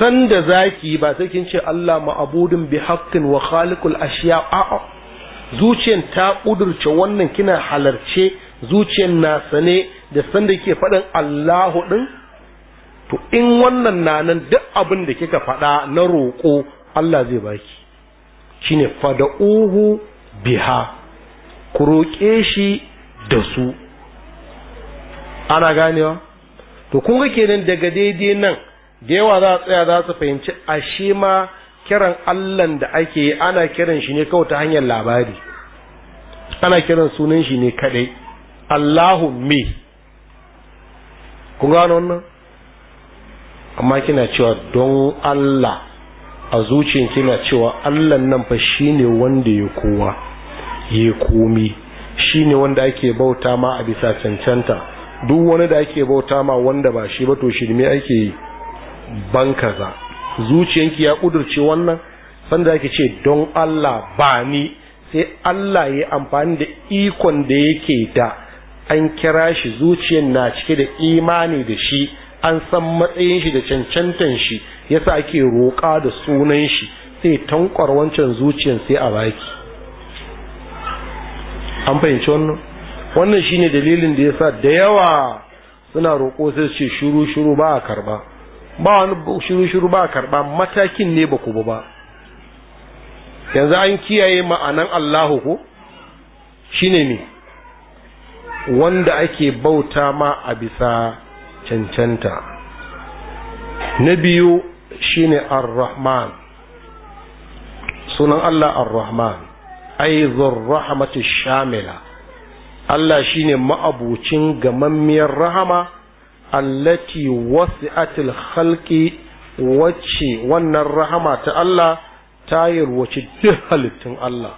sanda zaki ba sai kin ce Allah ma'abudun bi haqqin wa khaliqul ashiya a'a zuciyar ta ƙudurce wannan kina halarce zuciyar na sane da sanda ke faɗin Allahu ɗin to in wannan na nan duk abin da kika faɗa na roƙo Allah zai baki shine fada'uhu biha ku roƙe shi da su ana ganewa to kun ga kenan daga daidai nan da yawa za a tsaya za su fahimci ashe ma kiran allan da ake ana kiran shi ne kawai ta hanyar labari ana kiran sunan shi ne kadai allahu me kun gano wannan amma kina cewa don allah a zuciyar kina cewa allan nan fa shine wanda ya kowa ya komi shine wanda ake bauta ma a bisa cancanta duk wani da ake bauta ma wanda ba shi ba to shirme ake yi ban zuciyanki ya kudurce wannan sanda yake ce don Allah ba ni sai Allah ya amfani da ikon da yake da an kira shi zuciyan na cike da imani da shi an san matsayin shi da cancantan shi yasa ake roƙa da sunan shi sai tankwar wancan zuciyar sai a baki an fahimci wannan wannan shine dalilin da yasa da yawa suna roƙo sai su ce shuru shuru ba a karba ba wani shiru shiru ba karba matakin ne ba ku ba yanzu an kiyaye ma'anan Allahu ko shine ne wanda ake bauta ma a bisa cancanta na biyu shine ar-rahman sunan Allah ar-rahman ai rahmatu shamila Allah shine ma'abucin gamammiyar rahama allati wasi'atil khalqi wacce wannan rahama ta Allah ta yarwace duk halittun Allah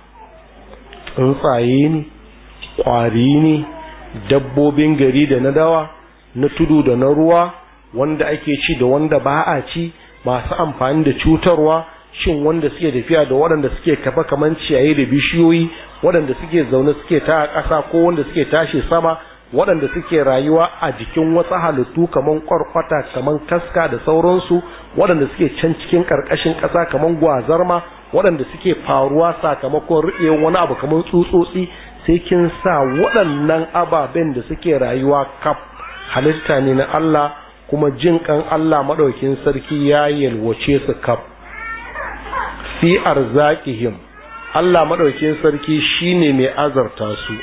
tsuntsaye ne ƙwari ne dabbobin gari da na dawa na tudu da na ruwa wanda ake ci da wanda ba a ci masu amfani da cutarwa shin wanda suke tafiya da waɗanda suke kafa kamar ciyayi da bishiyoyi waɗanda suke zaune suke ta ƙasa ko wanda suke tashi sama waɗanda suke rayuwa a jikin wasu halittu kamar ƙwarƙwata kamar kaska da sauransu waɗanda suke can cikin ƙarƙashin ƙasa kamar gwazarma waɗanda suke faruwa sakamakon riƙe wani abu kamar tsutsotsi sai kin sa waɗannan ababen da suke rayuwa kaf halitta ne na Allah kuma jin kan Allah maɗaukin sarki ya yalwace su kaf fi him. Allah maɗaukin sarki shine mai azarta su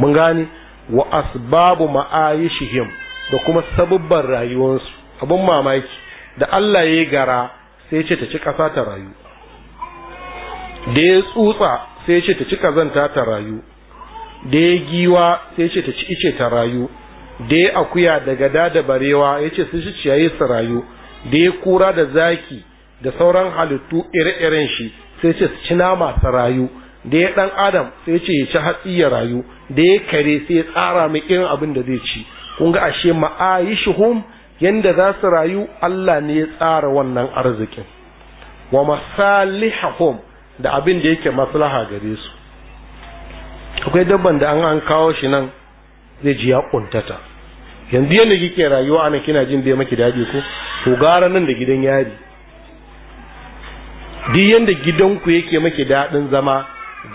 mun gani wa asbabu ma'ayishihim da kuma sabubban rayuwarsu abun mamaki da Allah ya gara sai ce ta ci ƙasa ta rayu da ya tsutsa sai ce ta ci ƙazanta ta rayu da ya giwa sai ce ta ci ice ta rayu da ya akuya da gada da barewa ya ce sun shi ciyayi su rayu da ya kura da zaki da sauran halittu ire-iren shi sai ce su ci nama ta rayu da ya ɗan adam sai ce ya ci hatsi ya rayu da ya kare sai ya tsara mai irin abin da zai ci kun ga ashe ma'ayishuhum yanda za su rayu Allah ne ya tsara wannan arzikin wa masalihahum da abin da yake maslaha gare su akwai dabban da an an kawo shi nan zai ji ya kuntata yanzu yanda kike rayuwa ana kina jin bai maki daɗi ko to gara nan da gidan yari duk yanda gidanku yake maki daɗin zama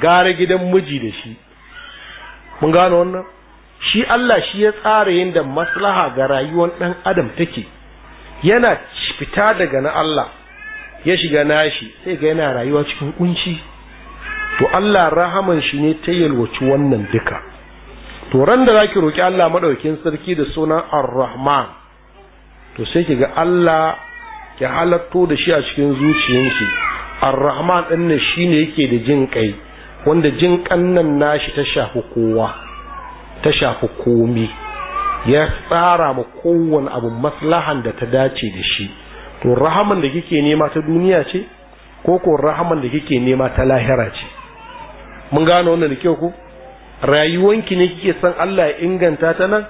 gara gidan miji da shi mun gano wannan shi Allah shi ya tsara yadda maslaha ga rayuwar ɗan adam take yana fita daga na Allah ya shiga nashi sai ga yana rayuwa cikin kunci to Allah rahaman shi ne ta yalwaci wannan duka to ran da zaki roki Allah madaukin sarki da sunan Ar-Rahman to sai ki ga Allah ki halatto da shi a cikin zuciyarki Ar-Rahman din ne shine yake da jin kai wanda jin kannan nashi ta shafi kowa ta shafi komi ya tsara ma kowane abu maslahan da ta dace da shi to rahaman da kike nema ta duniya ce ko ko rahaman da kike nema ta lahira ce mun gano wannan da kyau ko rayuwanki ne kike san Allah ya inganta ta nan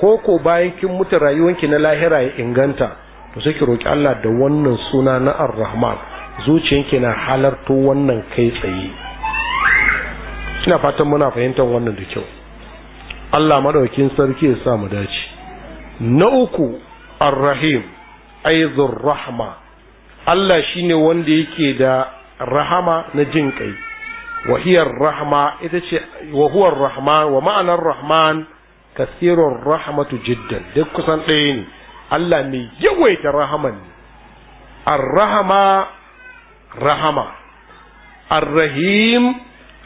ko ko bayan kin mutu rayuwanki na lahira ya inganta to sai ki roki Allah da wannan suna na Ar-Rahman zuciyanki na halarto wannan kai tsaye ina fatan muna fahimtar wannan da kyau Allah madaukin sarki ya sa mu dace na uku arrahim aizur rahma Allah shine wanda yake da rahama na jin kai wahiyar rahma ita ce wahuwar rahman wa ma'anar rahman kasirun rahmatu jiddan duk kusan ɗaya ne Allah mai yawaita rahaman ne arrahama rahama arrahim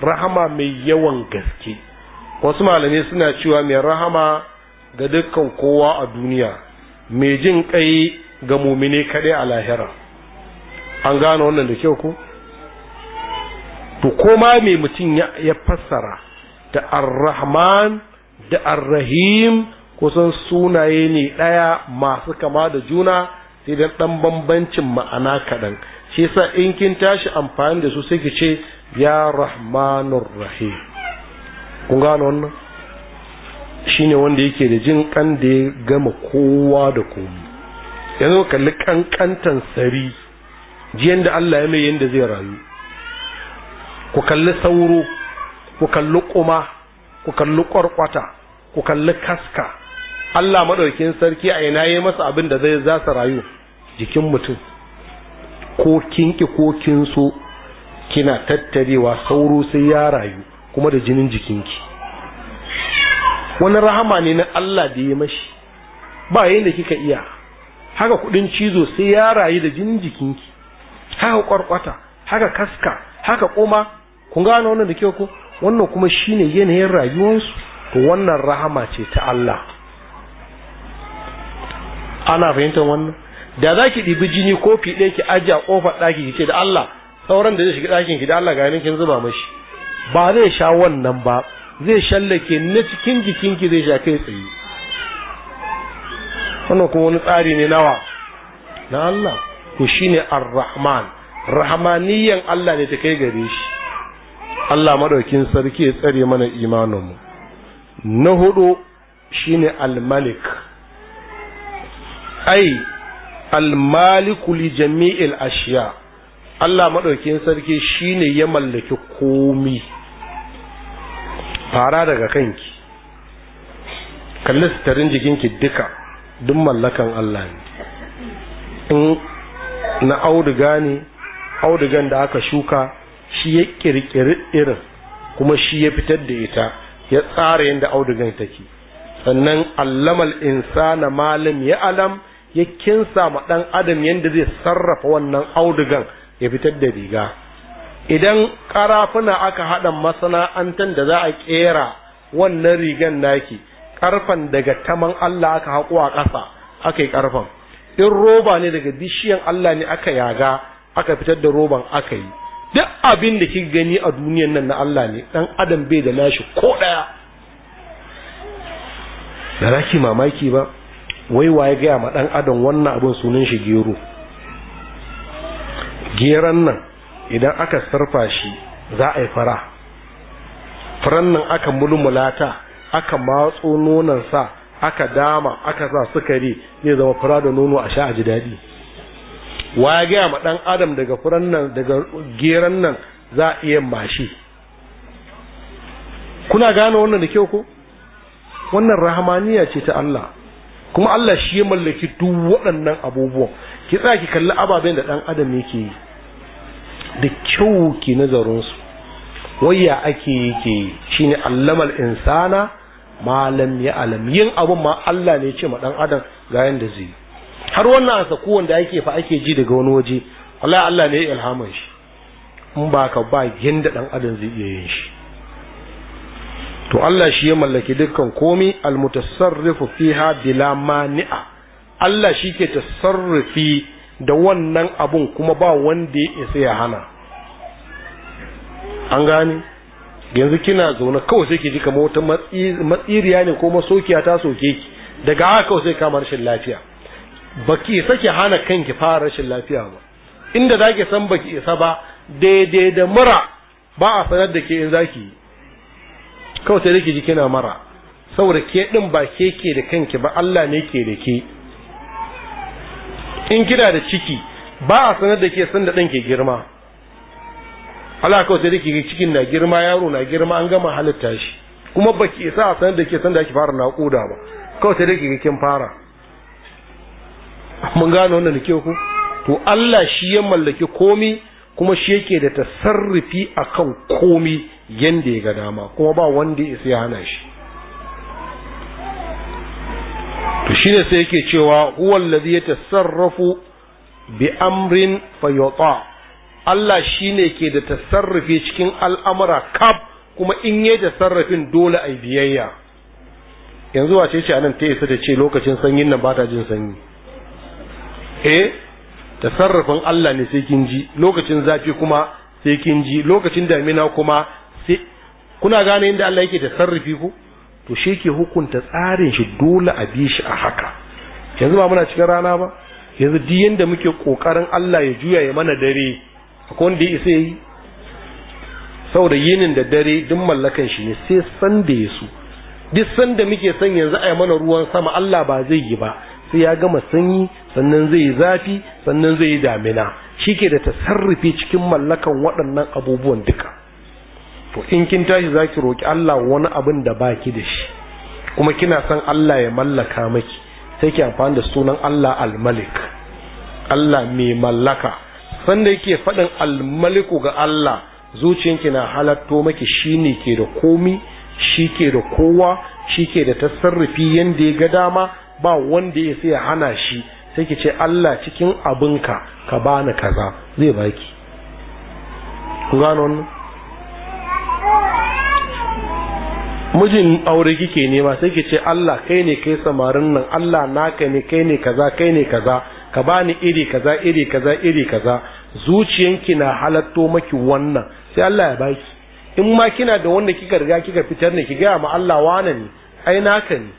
rahama mai yawan gaske wasu malamai suna cewa mai rahama ga dukkan kowa a duniya mai jin kai ga mumine kaɗai a lahira an gano wannan da kyau ko to koma mai mutum ya fassara da ar-rahman da ar-rahim kusan sunaye ne ɗaya masu kama da juna sai dan ɗan bambancin ma'ana kaɗan shi sa in kin tashi amfani da su sai ki ce ya rahmanur rahim kun gano wannan shine wanda yake da jin kan da ya gama kowa da komai yanzu kalli kankantan sari ji da Allah ya mai yanda zai rayu ku kalli sauro ku kalli kuma ku kalli kwarkwata ku kalli kaska Allah madaukin sarki a ina yi masa abin da zai za rayu jikin mutum ko kinki ko kin so. kina tattarewa sauro sai ya rayu kuma da jinin jikinki wani rahama ne na Allah da ya mashi ba yadda kika iya haka kudin cizo sai ya rayu da jinin jikinki haka kwarkwata haka kaska haka koma kun gano wannan da kyau ko wannan kuma shine yanayin rayuwarsu to wannan rahama ce ta Allah ana fahimtar wannan da za ki ɗibi jini kofi ɗaya ki ajiye a ƙofar ɗaki ki da Allah sauran da zai shiga ɗakin ki da Allah ga kin zuba mashi ba zai sha wannan ba zai shallake na cikin jikinki zai sha kai tsaye wannan kuma wani tsari ne nawa na Allah shi shine ar-rahman rahmaniyan Allah ne ta kai gare shi Allah madaukin sarki ya tsare mana imaninmu na hudu shine al-malik ai al malik li jami'il ashiya' Allah maɗaukin sarki shine ya mallaki komi fara daga kanki kalli sitarin jikinki duka duk mallakan Allah ne in na auduga ne audugan da aka shuka shi ya kirkiri irin kuma shi ya fitar da ita ya tsara yadda audugan take sannan allamal insana malam ya alam ya kinsa ma dan adam yadda zai sarrafa wannan audugan ya fitar da riga idan karafuna aka haɗa masana'antar da za a ƙera wannan rigan naki ƙarfan daga taman Allah aka haƙo a ƙasa aka yi ƙarfan in roba ne daga bishiyan Allah ne aka yaga aka fitar da roban aka yi duk abin da kika gani a duniyan nan na Allah ne ɗan adam bai da nashi ko ɗaya da raki mamaki ba wai waye gaya ma ɗan adam wannan abin sunan shi gero geran nan idan aka sarfa shi za a yi fara faran nan aka mulmulata aka matso nonon sa aka dama aka sa sukari zai zama fara da nono a sha a ji daɗi wa ya gaya ma ɗan adam daga furan nan daga geran nan za a iya mashi kuna gane wannan da kyau ko wannan rahamaniya ce ta Allah kuma Allah shi ya mallaki duk waɗannan abubuwan ki tsaya ki kalli ababen da ɗan adam yake yi da kyau ki nazarin su wayya ake yake yi shine allamal insana malam ya alam yin abun ma Allah ne ya ce ma dan adam ga yanda zai har wannan asa wanda ake fa ake ji daga wani waje wallahi Allah ne ya ilhamin shi in ba ka ba yanda ɗan adam zai iya yin shi to Allah shi ya mallaki dukkan komi almutasarrifu fiha bila mani'a Allah shi ke tasarrufi da wannan abun kuma ba wanda ya isa ya hana an gane yanzu kina zaune kawai sai ke ji kamar wata matsiriya ne ko masokiya ta soke ki daga haka kawai sai kama rashin lafiya Ba isa ki hana kanki fara rashin lafiya ba inda za ki san baki isa ba daidai da mura ba a sanar da ke in zaki kawai sai ke ji kina mara saboda ke din ba ke ke da kanki ba Allah ne ke da ke in kina da ciki ba a sanar da ke san da ɗan ke girma Allah kawai sai da ke cikin na girma yaro na girma an gama halitta shi kuma ba ke sa a sanar da ke san da ake fara naƙuda ba kawai sai da ke kin fara mun gano wannan da ke ku to Allah shi ya mallaki komi kuma shi yake da tasarrufi akan komi yanda ya ga dama kuma ba wanda ya hana shi shi shine sai yake cewa huwal ya yatasarrafu bi amrin fayuta Allah shi ne ke da tasarrufi cikin al'amura kaf kuma in yi tasarrufin dole a biyayya yanzu wace ce anan ta isa ta ce lokacin sanyin nan ba ta jin sanyi eh tasarrufin Allah ne sai kin ji lokacin zafi kuma sai kin ji lokacin damina kuma sai kuna gane inda Allah yake tasarrufi ku to shi ke hukunta tsarin shi dole a bi shi a haka yanzu ba muna cikin rana ba yanzu duk yanda muke kokarin Allah ya juya ya mana dare akwai wanda ya isa yi saboda yinin da dare duk mallakan shi ne sai san da ya su duk san da muke san yanzu a mana ruwan sama Allah ba zai yi ba sai ya gama sanyi sannan zai yi zafi sannan zai yi damina shi ke da tasarrufi cikin mallakan waɗannan abubuwan duka to in kin tashi za ki roƙi Allah wani abin da ba ki da shi kuma kina son Allah ya mallaka maki sai ki amfani da sunan Allah al-Malik Allah mai mallaka sanda yake faɗin al-Maliku ga Allah zuciyanki na halatto maki shine ke da komi shi ke da kowa shi ke da tasarrufi yanda ya ga dama ba wanda ya sai hana shi sai ki ce Allah cikin abinka ka bani kaza zai baki ku gano wannan mijin aure kike nema sai ki ce Allah kai ne kai samarin nan Allah naka ne kai ne kaza kai ne kaza ka bani iri kaza iri kaza iri kaza zuciyanki na halatto maki wannan sai Allah ya baki in ma kina da wanda kika riga kika fitar ne ki gaya ma Allah wane ne ai naka ne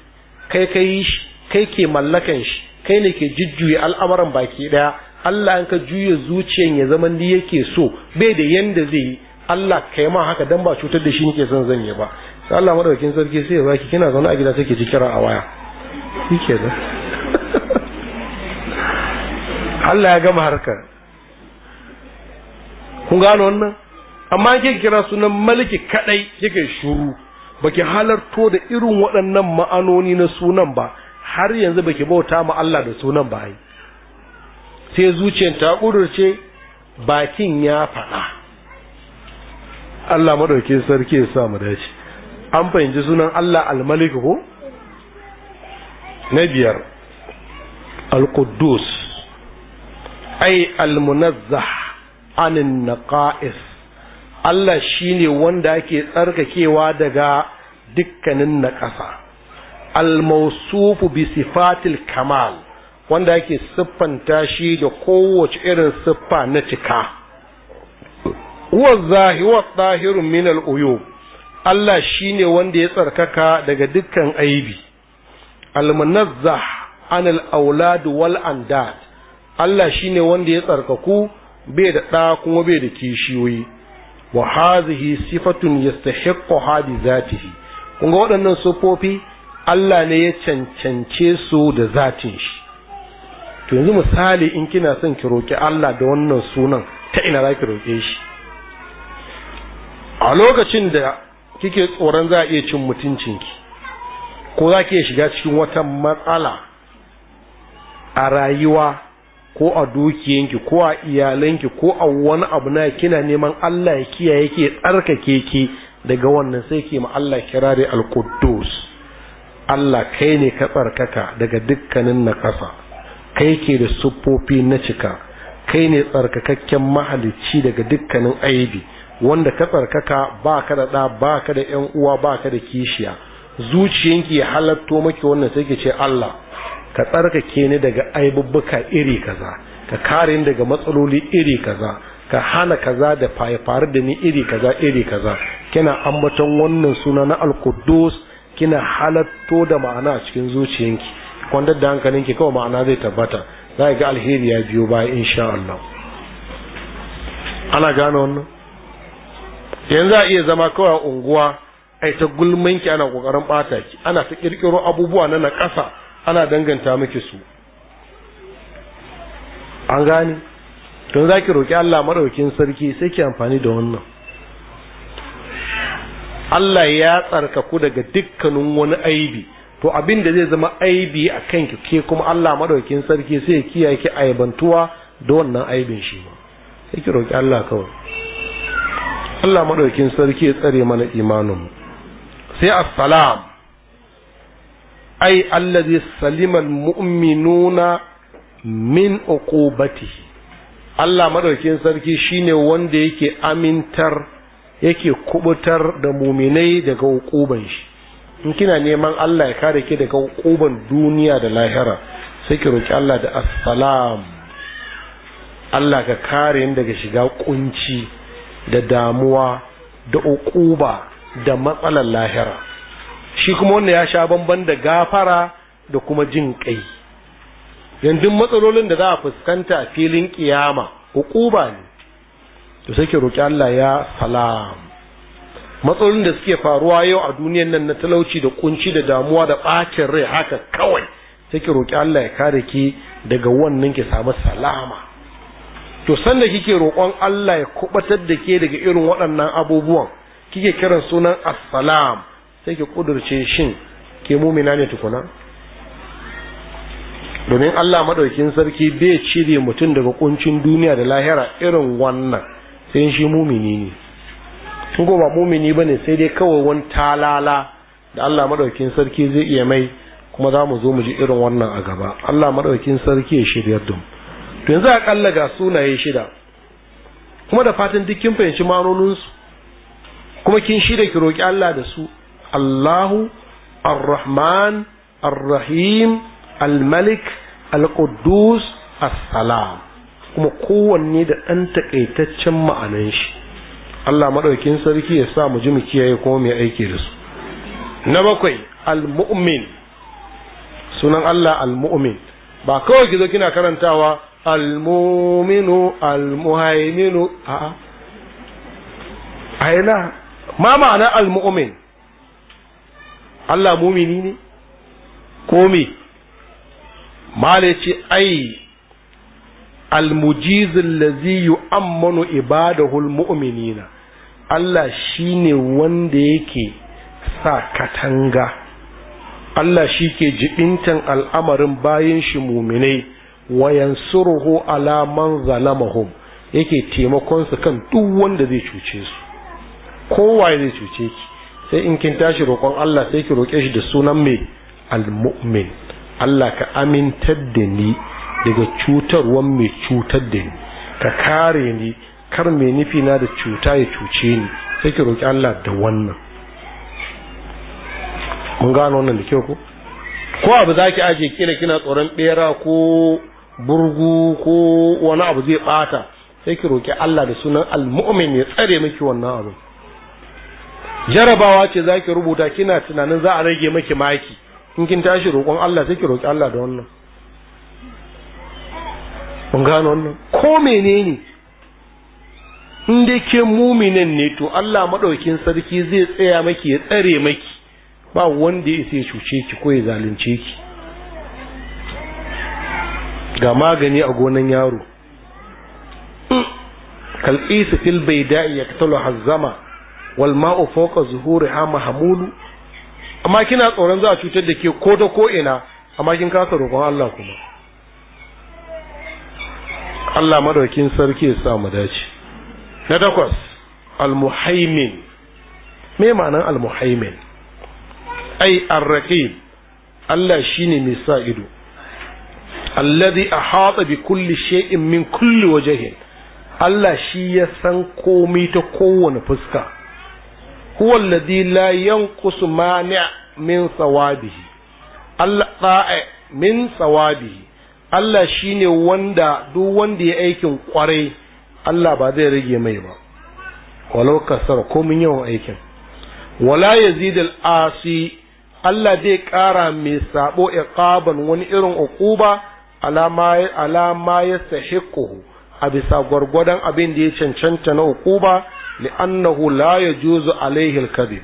kai kai kai ke mallakan shi kai ne ke jujjuya al'amuran baki daya Allah an ka juya zuciyan ya zama ni yake so bai da yanda zai Allah kai ma haka dan ba cutar da shi nake son zan yi ba sai Allah madaukakin sarki sai ya zaki kina zaune a gida sai ki ji kira a waya shike da Allah ya gama harkar kun gano wannan amma ke kira sunan maliki kadai kika shuru baki halarto da irin waɗannan ma'anoni na sunan ba har yanzu baki bauta ma Allah da sunan ba ai sai zuciyar ta kudurce bakin ya faɗa Allah madaukakin sarki ya sa mu dace an fahimci sunan Allah al ko na biyar al-quddus ai al-munazzah anin naqa'is Allah shine wanda ake tsarkakewa daga dukkanin naƙasa al-mawsufu bi sifatil kamal wanda ake siffanta shi da kowace irin siffa na cika huwa zahiru min al-uyub Allah shi ne wanda ya tsarkaka daga dukkan aibi almunazzah anil auladu wal andad Allah ne wanda ya tsarkaku bai da ɗa kuma bai da kishiyoyi wa hazihi sifatun yastahiqquha za zatihi kun ga waɗannan sufofi Allah ne ya cancance su da zatin shi to yanzu misali in kina son ki roƙi Allah da wannan sunan ta ina za ki roke shi a lokacin da kike tsoron za a iya cin mutuncinki ko za ke shiga cikin wata matsala a rayuwa ko a dukiyanki ko a iyalanki ko a wani abu na kina neman Allah ya kiyaye ke tsarkake keke daga wannan sai ke ma Allah kirari al-Quddus Allah kai ne ka tsarkaka daga dukkanin nakasa kai ke da siffofi na cika kai ne tsarkakakken mahalicci daga dukkanin aibi wanda ka tsarkaka ba ka da ɗa ba ka da yan uwa ba ka da kishiya zuciyanki ya halatto maki wannan sai ke ce Allah ka tsarkake ni daga aibubbuka iri kaza ka kare ni daga matsaloli iri kaza ka hana kaza da faifar da ni iri kaza iri kaza kina ambaton wannan suna na alkudus kina halatto da ma'ana a cikin zuciyanki kwandar da hankalinki kawai ma'ana zai tabbata za ga alheri ya biyo baya insha Allah ana gane wannan yanzu a iya zama kawai a unguwa ai ta gulmanki ana kokarin bata ki ana ta kirkiro abubuwa na na nakasa ana danganta miki su an gane to za ki roki Allah madaukin sarki sai ki amfani da wannan Allah ya tsarka ku daga dukkanin wani aibi to abin da zai zama aibi a kanki ke kuma Allah madaukin sarki sai ya kiyaye ki aibantuwa da wannan aibin shi ma sai ki roki Allah kawai Allah madaukin sarki ya tsare mana imanin sai assalam ai allazi salima almu'minuna min uqubati Allah maɗaukin sarki shine wanda yake amintar yake kubutar da muminai daga uquban shi in kina neman Allah ya kare ki daga uquban duniya da lahira sai ki roki Allah da assalam Allah ka kare daga shiga kunci da damuwa da uquba da matsalar lahira shi kuma wanda ya sha bamban da gafara da kuma jin kai yanzu matsalolin da za a fuskanta a filin kiyama uquba ne to sai ke roki Allah ya salam matsalolin da suke faruwa yau a duniyar nan na talauci da kunci da damuwa da bacin rai haka kawai sai ke roki Allah ya kare ki daga wannan ki samu salama to sanda kike roƙon Allah ya kubatar da ke daga irin waɗannan abubuwan kike kiran sunan assalam sai ki kudurce shin ke mumina ne tukuna domin Allah madaukin sarki bai cire mutum daga kuncin duniya da lahira irin wannan sai shi mumini ne tun ba mumini bane sai dai kawai wani talala da Allah madaukin sarki zai iya mai kuma za mu zo mu ji irin wannan a gaba Allah madaukin sarki ya shiryar da mu to yanzu a kalla ga sunaye shida kuma da fatan duk kin fahimci manoninsu kuma kin shida ki roƙi Allah da su Allahu Ar-Rahman Ar-Rahim Al-Malik Al-Quddus As-Salam kuma kowanne da ɗan takaitaccen ma'anan shi Allah maɗaukin sarki ya sa mu ji mu kiyaye kuma mu aiki da su na bakwai al-mu'min sunan Allah al-mu'min ba kawai ki zo kina karantawa almominu almuhaiminu a aina ma ma'ana almu'min Allah mumini ne ko me malice ai almujizin lazi yu'ammanu ibadahul mu'minina Allah shi ne wanda yake sa katanga Allah shi ke jibintan al'amarin bayan shi muminai wa roho ala man zalamahum yake taimakon su kan duk wanda zai cuce su kowa zai cuce ki sai in kin tashi roƙon Allah sai ki roƙe shi da sunan mai almu'min Allah ka amintar da ni daga cutarwan mai cutar da ni ka kare ni kar mai nufi na da cuta ya cuce ni sai ki roƙi Allah da wannan mun gano wannan da kyau ko ko abu zaki aje kila kina tsoron bera ko burgu ko wani abu zai bata sai ki roki Allah da sunan al-mu'min ya tsare miki wannan abu jarabawa ce zaki rubuta kina tunanin za a rage miki maki in kin tashi roƙon Allah sai ki roki Allah da wannan kun gano wannan ko menene in dai ke muminin ne to Allah madaukin sarki zai tsaya maki ya tsare maki ba wanda ya sai cuce ki ko ya zalunce ki ga magani a gonan yaro kalqisu fil baida'i yaktalu hazama wal ma'u fawqa ha mahmulu amma kina tsoron za a cutar da ke ko da ko ina amma kin kasa roƙon Allah kuma Allah madaukin sarki ya sa mu dace na takwas almuhaimin me ma'anar almuhaimin ai arraqib Allah shine mai sa ido alladhi ahata bi kulli shay'in min kulli wajhin Allah shi ya san komai ta kowane fuska huwa alladhi la yanqusu mani' min sawabihi Allah ta'a min sawabihi Allah shine wanda duk wanda ya aikin kwarai Allah ba zai rage mai ba walau kasar komin yawan aikin wala yazid al-asi Allah zai ƙara mai sabo iqaban wani irin uquba alama ya sahiquhu a bisa gwargwadon abin da ya cancanta na hukuba annahu la yajuzu alaihi al kabi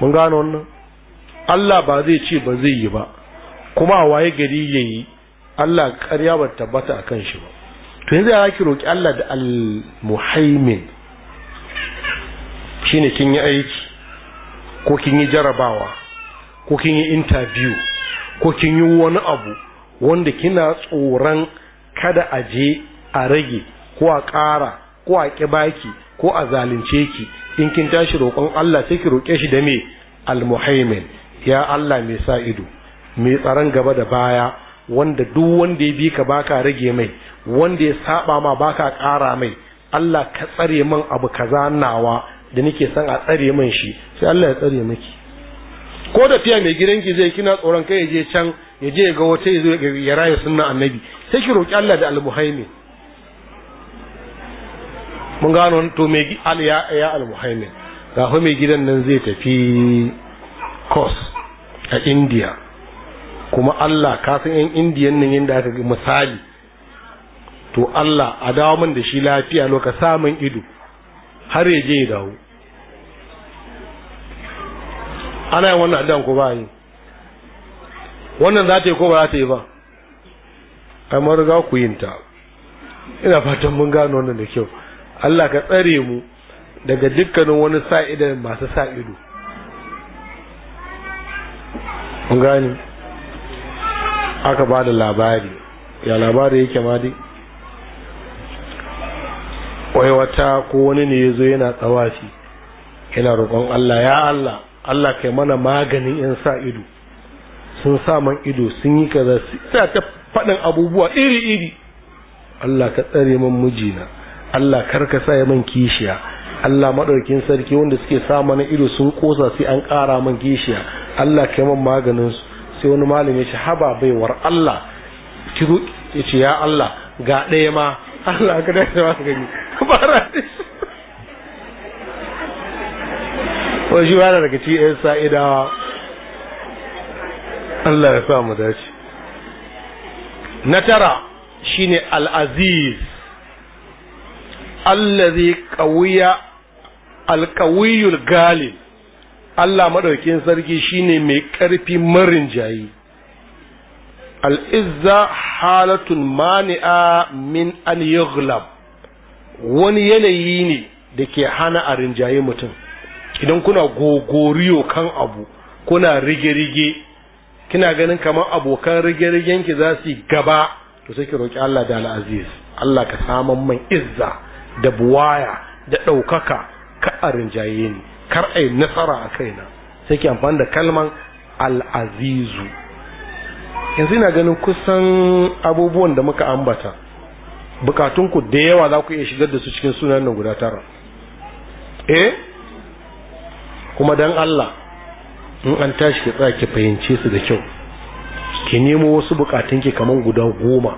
mun gano wannan Allah ba zai ce ba zai yi ba kuma a waye gari ya yi? Allah ƙarya ba tabbata kan shi ba to yanzu ya ki roki Allah da al-muhaimin shine kin yi aiki ko kin yi jarabawa ko kin yi interview ko kin yi wani abu wanda kina tsoron kada a je a rage ko a ƙara ko a ƙi baki ko a zalunce ki in kin tashi roƙon Allah sai ki roƙe shi da me almuhaimin ya Allah mai sa ido mai tsaron gaba da baya wanda duk wanda ya bi ka baka rage mai wanda ya saba ma baka ƙara mai Allah ka tsare min abu kaza nawa da nake son a tsare min shi sai Allah ya tsare miki ko da fiya mai gidanki zai kina tsoron kai je can ya je ga wata ya zo ya raya sunna annabi sai ki roki Allah da almuhaimin mun gano to me al ya ya almuhaimin ga fa mai gidan nan zai tafi course a India kuma Allah ka san yan indiyan nan yanda aka ga misali to Allah a dawo min da shi lafiya lokacin samun ido har ya je ya dawo ana yin wannan addan ko ba wannan za ta yi ko ba za ta yi ba ai mun riga ku yin ina fatan mun gano wannan da kyau Allah ka tsare mu daga dukkanin wani sa ido masu sa ido gani aka ba da labari ya labari yake ma dai wai wata ko wani ne ya zo yana tsawafi yana roƙon Allah ya Allah Allah kai mana maganin 'yan sa ido sun sa man ido sun yi kaza suna ta faɗin abubuwa iri-iri Allah ka tsare man mijina Allah kar ka sa man kishiya Allah maɗaukin sarki wanda suke sa mana ido sun kosa sai an ƙara man kishiya Allah kai man maganin su sai wani malam ya ce haba baiwar Allah ki ya ce ya Allah ga ɗaya ma Allah ka da ya gani ba wani shi ba daga ci sa'idawa Allah ya sa dace na tara shine al-aziz allazi qawiya al galib Allah madaukin sarki shine mai karfi marin jayi al halatun mani'a min an yughlab wani yanayi ne da ke hana a rinjaye mutum idan kuna gogoriyo kan abu kuna rige-rige kina ganin kamar abokan rige ki za su gaba to sai ki roki Allah da al'aziz Allah ka saman man izza da buwaya da ɗaukaka ka a rinjaye ni kar ai nasara a kaina sai ki amfani da kalman al'azizu yanzu ina ganin kusan abubuwan da muka ambata bukatun ku da yawa za ku iya shigar da su cikin sunan nan guda tara eh kuma dan Allah in an tashi ki tsaya ki fahimce su da kyau ki nemo wasu bukatun ki kaman guda goma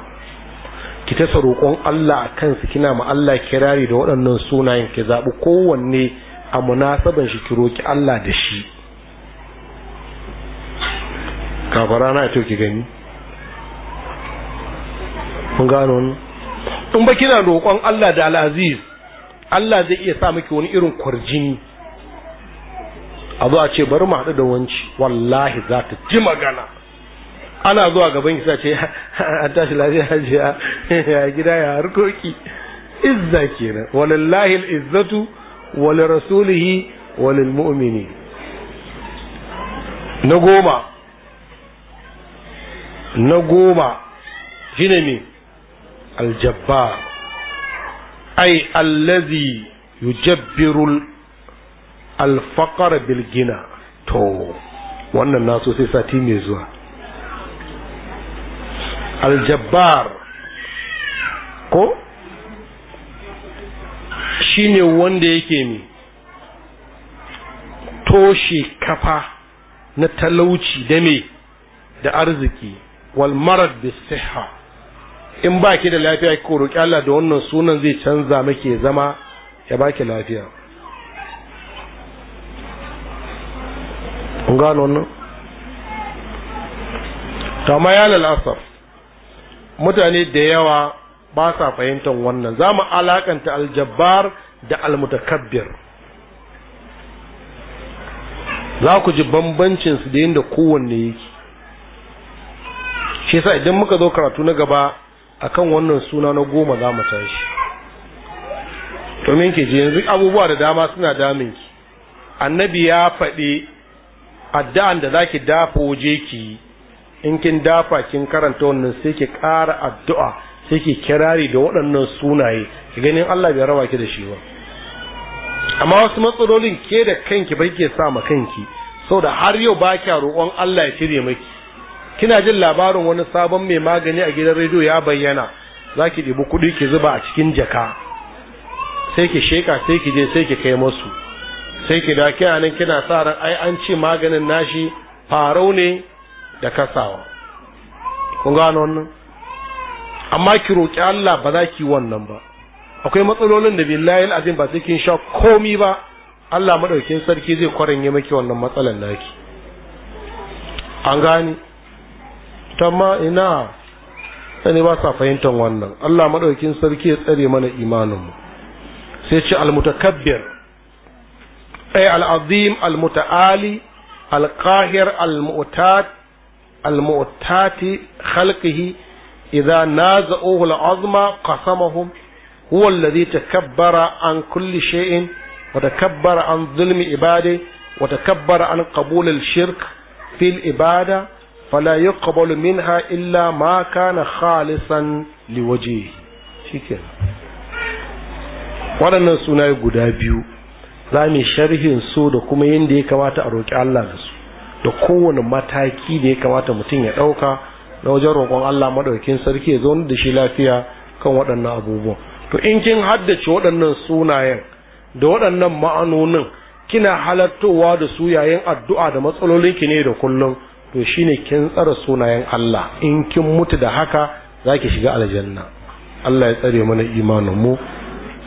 ki tasa roƙon Allah a kansu kina ma Allah kirari da waɗannan sunayen ki zaɓi kowanne a munasaban shi ki roƙi Allah da shi kafara na ito ki gani mun gano in ba kina roƙon Allah da al'aziz Allah zai iya sa miki wani irin kwarjini a zuwa ce bari mu haɗu da wanci wallahi za ta ji magana ana zuwa gaban kisa ce an tashi lafiya hajiya ya gida ya harkoki izza kenan walillahi izzatu wali rasulihi walil mu'mini na goma na goma shine ne aljabbar ai allazi yujabbiru alfaqar bilgina to wannan naso sai sati mai zuwa aljabbar ko shine wanda yake mi toshe kafa na talauci da me da arziki wal marad siha in baki da lafiya ki roki Allah da wannan sunan zai canza make zama ya baki lafiya kun gano wannan kama ya lalasar mutane da yawa ba sa fahimtar wannan za mu alakanta aljabbar da almutakabbir za ku ji bambancinsu da yadda kowanne yake shi sa idan muka zo karatu na gaba kan wannan suna na goma za mu tashi domin ke ji yanzu abubuwa da dama suna damin annabi ya faɗi addu'an da zaki dafa waje ki in kin dafa kin karanta wannan sai ki ƙara addu'a sai ki kirari da waɗannan sunaye ki ganin Allah bai raba ki da shi ba amma wasu matsalolin ke da kanki bai ke sa ma kanki saboda har yau ba kya roƙon Allah ya cire miki kina jin labarin wani sabon mai magani a gidan rediyo ya bayyana zaki ki kuɗi ki zuba a cikin jaka sai ki sheka sai ki je sai ki kai masu sai ki da kina nan kina sa ran ai an ce maganin nashi farau ne da kasawa kun gano wannan amma ki roki Allah ba za ki wannan ba akwai matsalolin da billahi alazim ba sai kin sha komi ba Allah madaukin sarki zai kwaranye miki wannan matsalan naki an gani tamma ina sani ba sa fahimtar wannan Allah madaukin sarki ya tsare mana imanin imaninmu sai ce almutakabbir أي العظيم المتعالي القاهر المؤتات المؤتات خلقه إذا نازعوه العظمى قسمهم هو الذي تكبر عن كل شيء وتكبر عن ظلم عباده وتكبر عن قبول الشرك في العبادة فلا يقبل منها إلا ما كان خالصا لوجهه شكرا waɗannan نسونا يقول za mu sharhin su da kuma yadda ya kamata a roƙi Allah da su da kowane mataki da ya kamata mutum ya ɗauka na wajen roƙon Allah maɗaukin sarki ya zaune da shi lafiya kan waɗannan abubuwan to in kin haddace waɗannan sunayen da waɗannan ma'anonin kina halattowa da su yayin addu'a da matsalolin ki ne da kullum to shine kin tsara sunayen Allah in kin mutu da haka zaki shiga aljanna Allah ya tsare mana imanin mu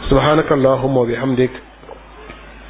subhanakallahumma wa bihamdika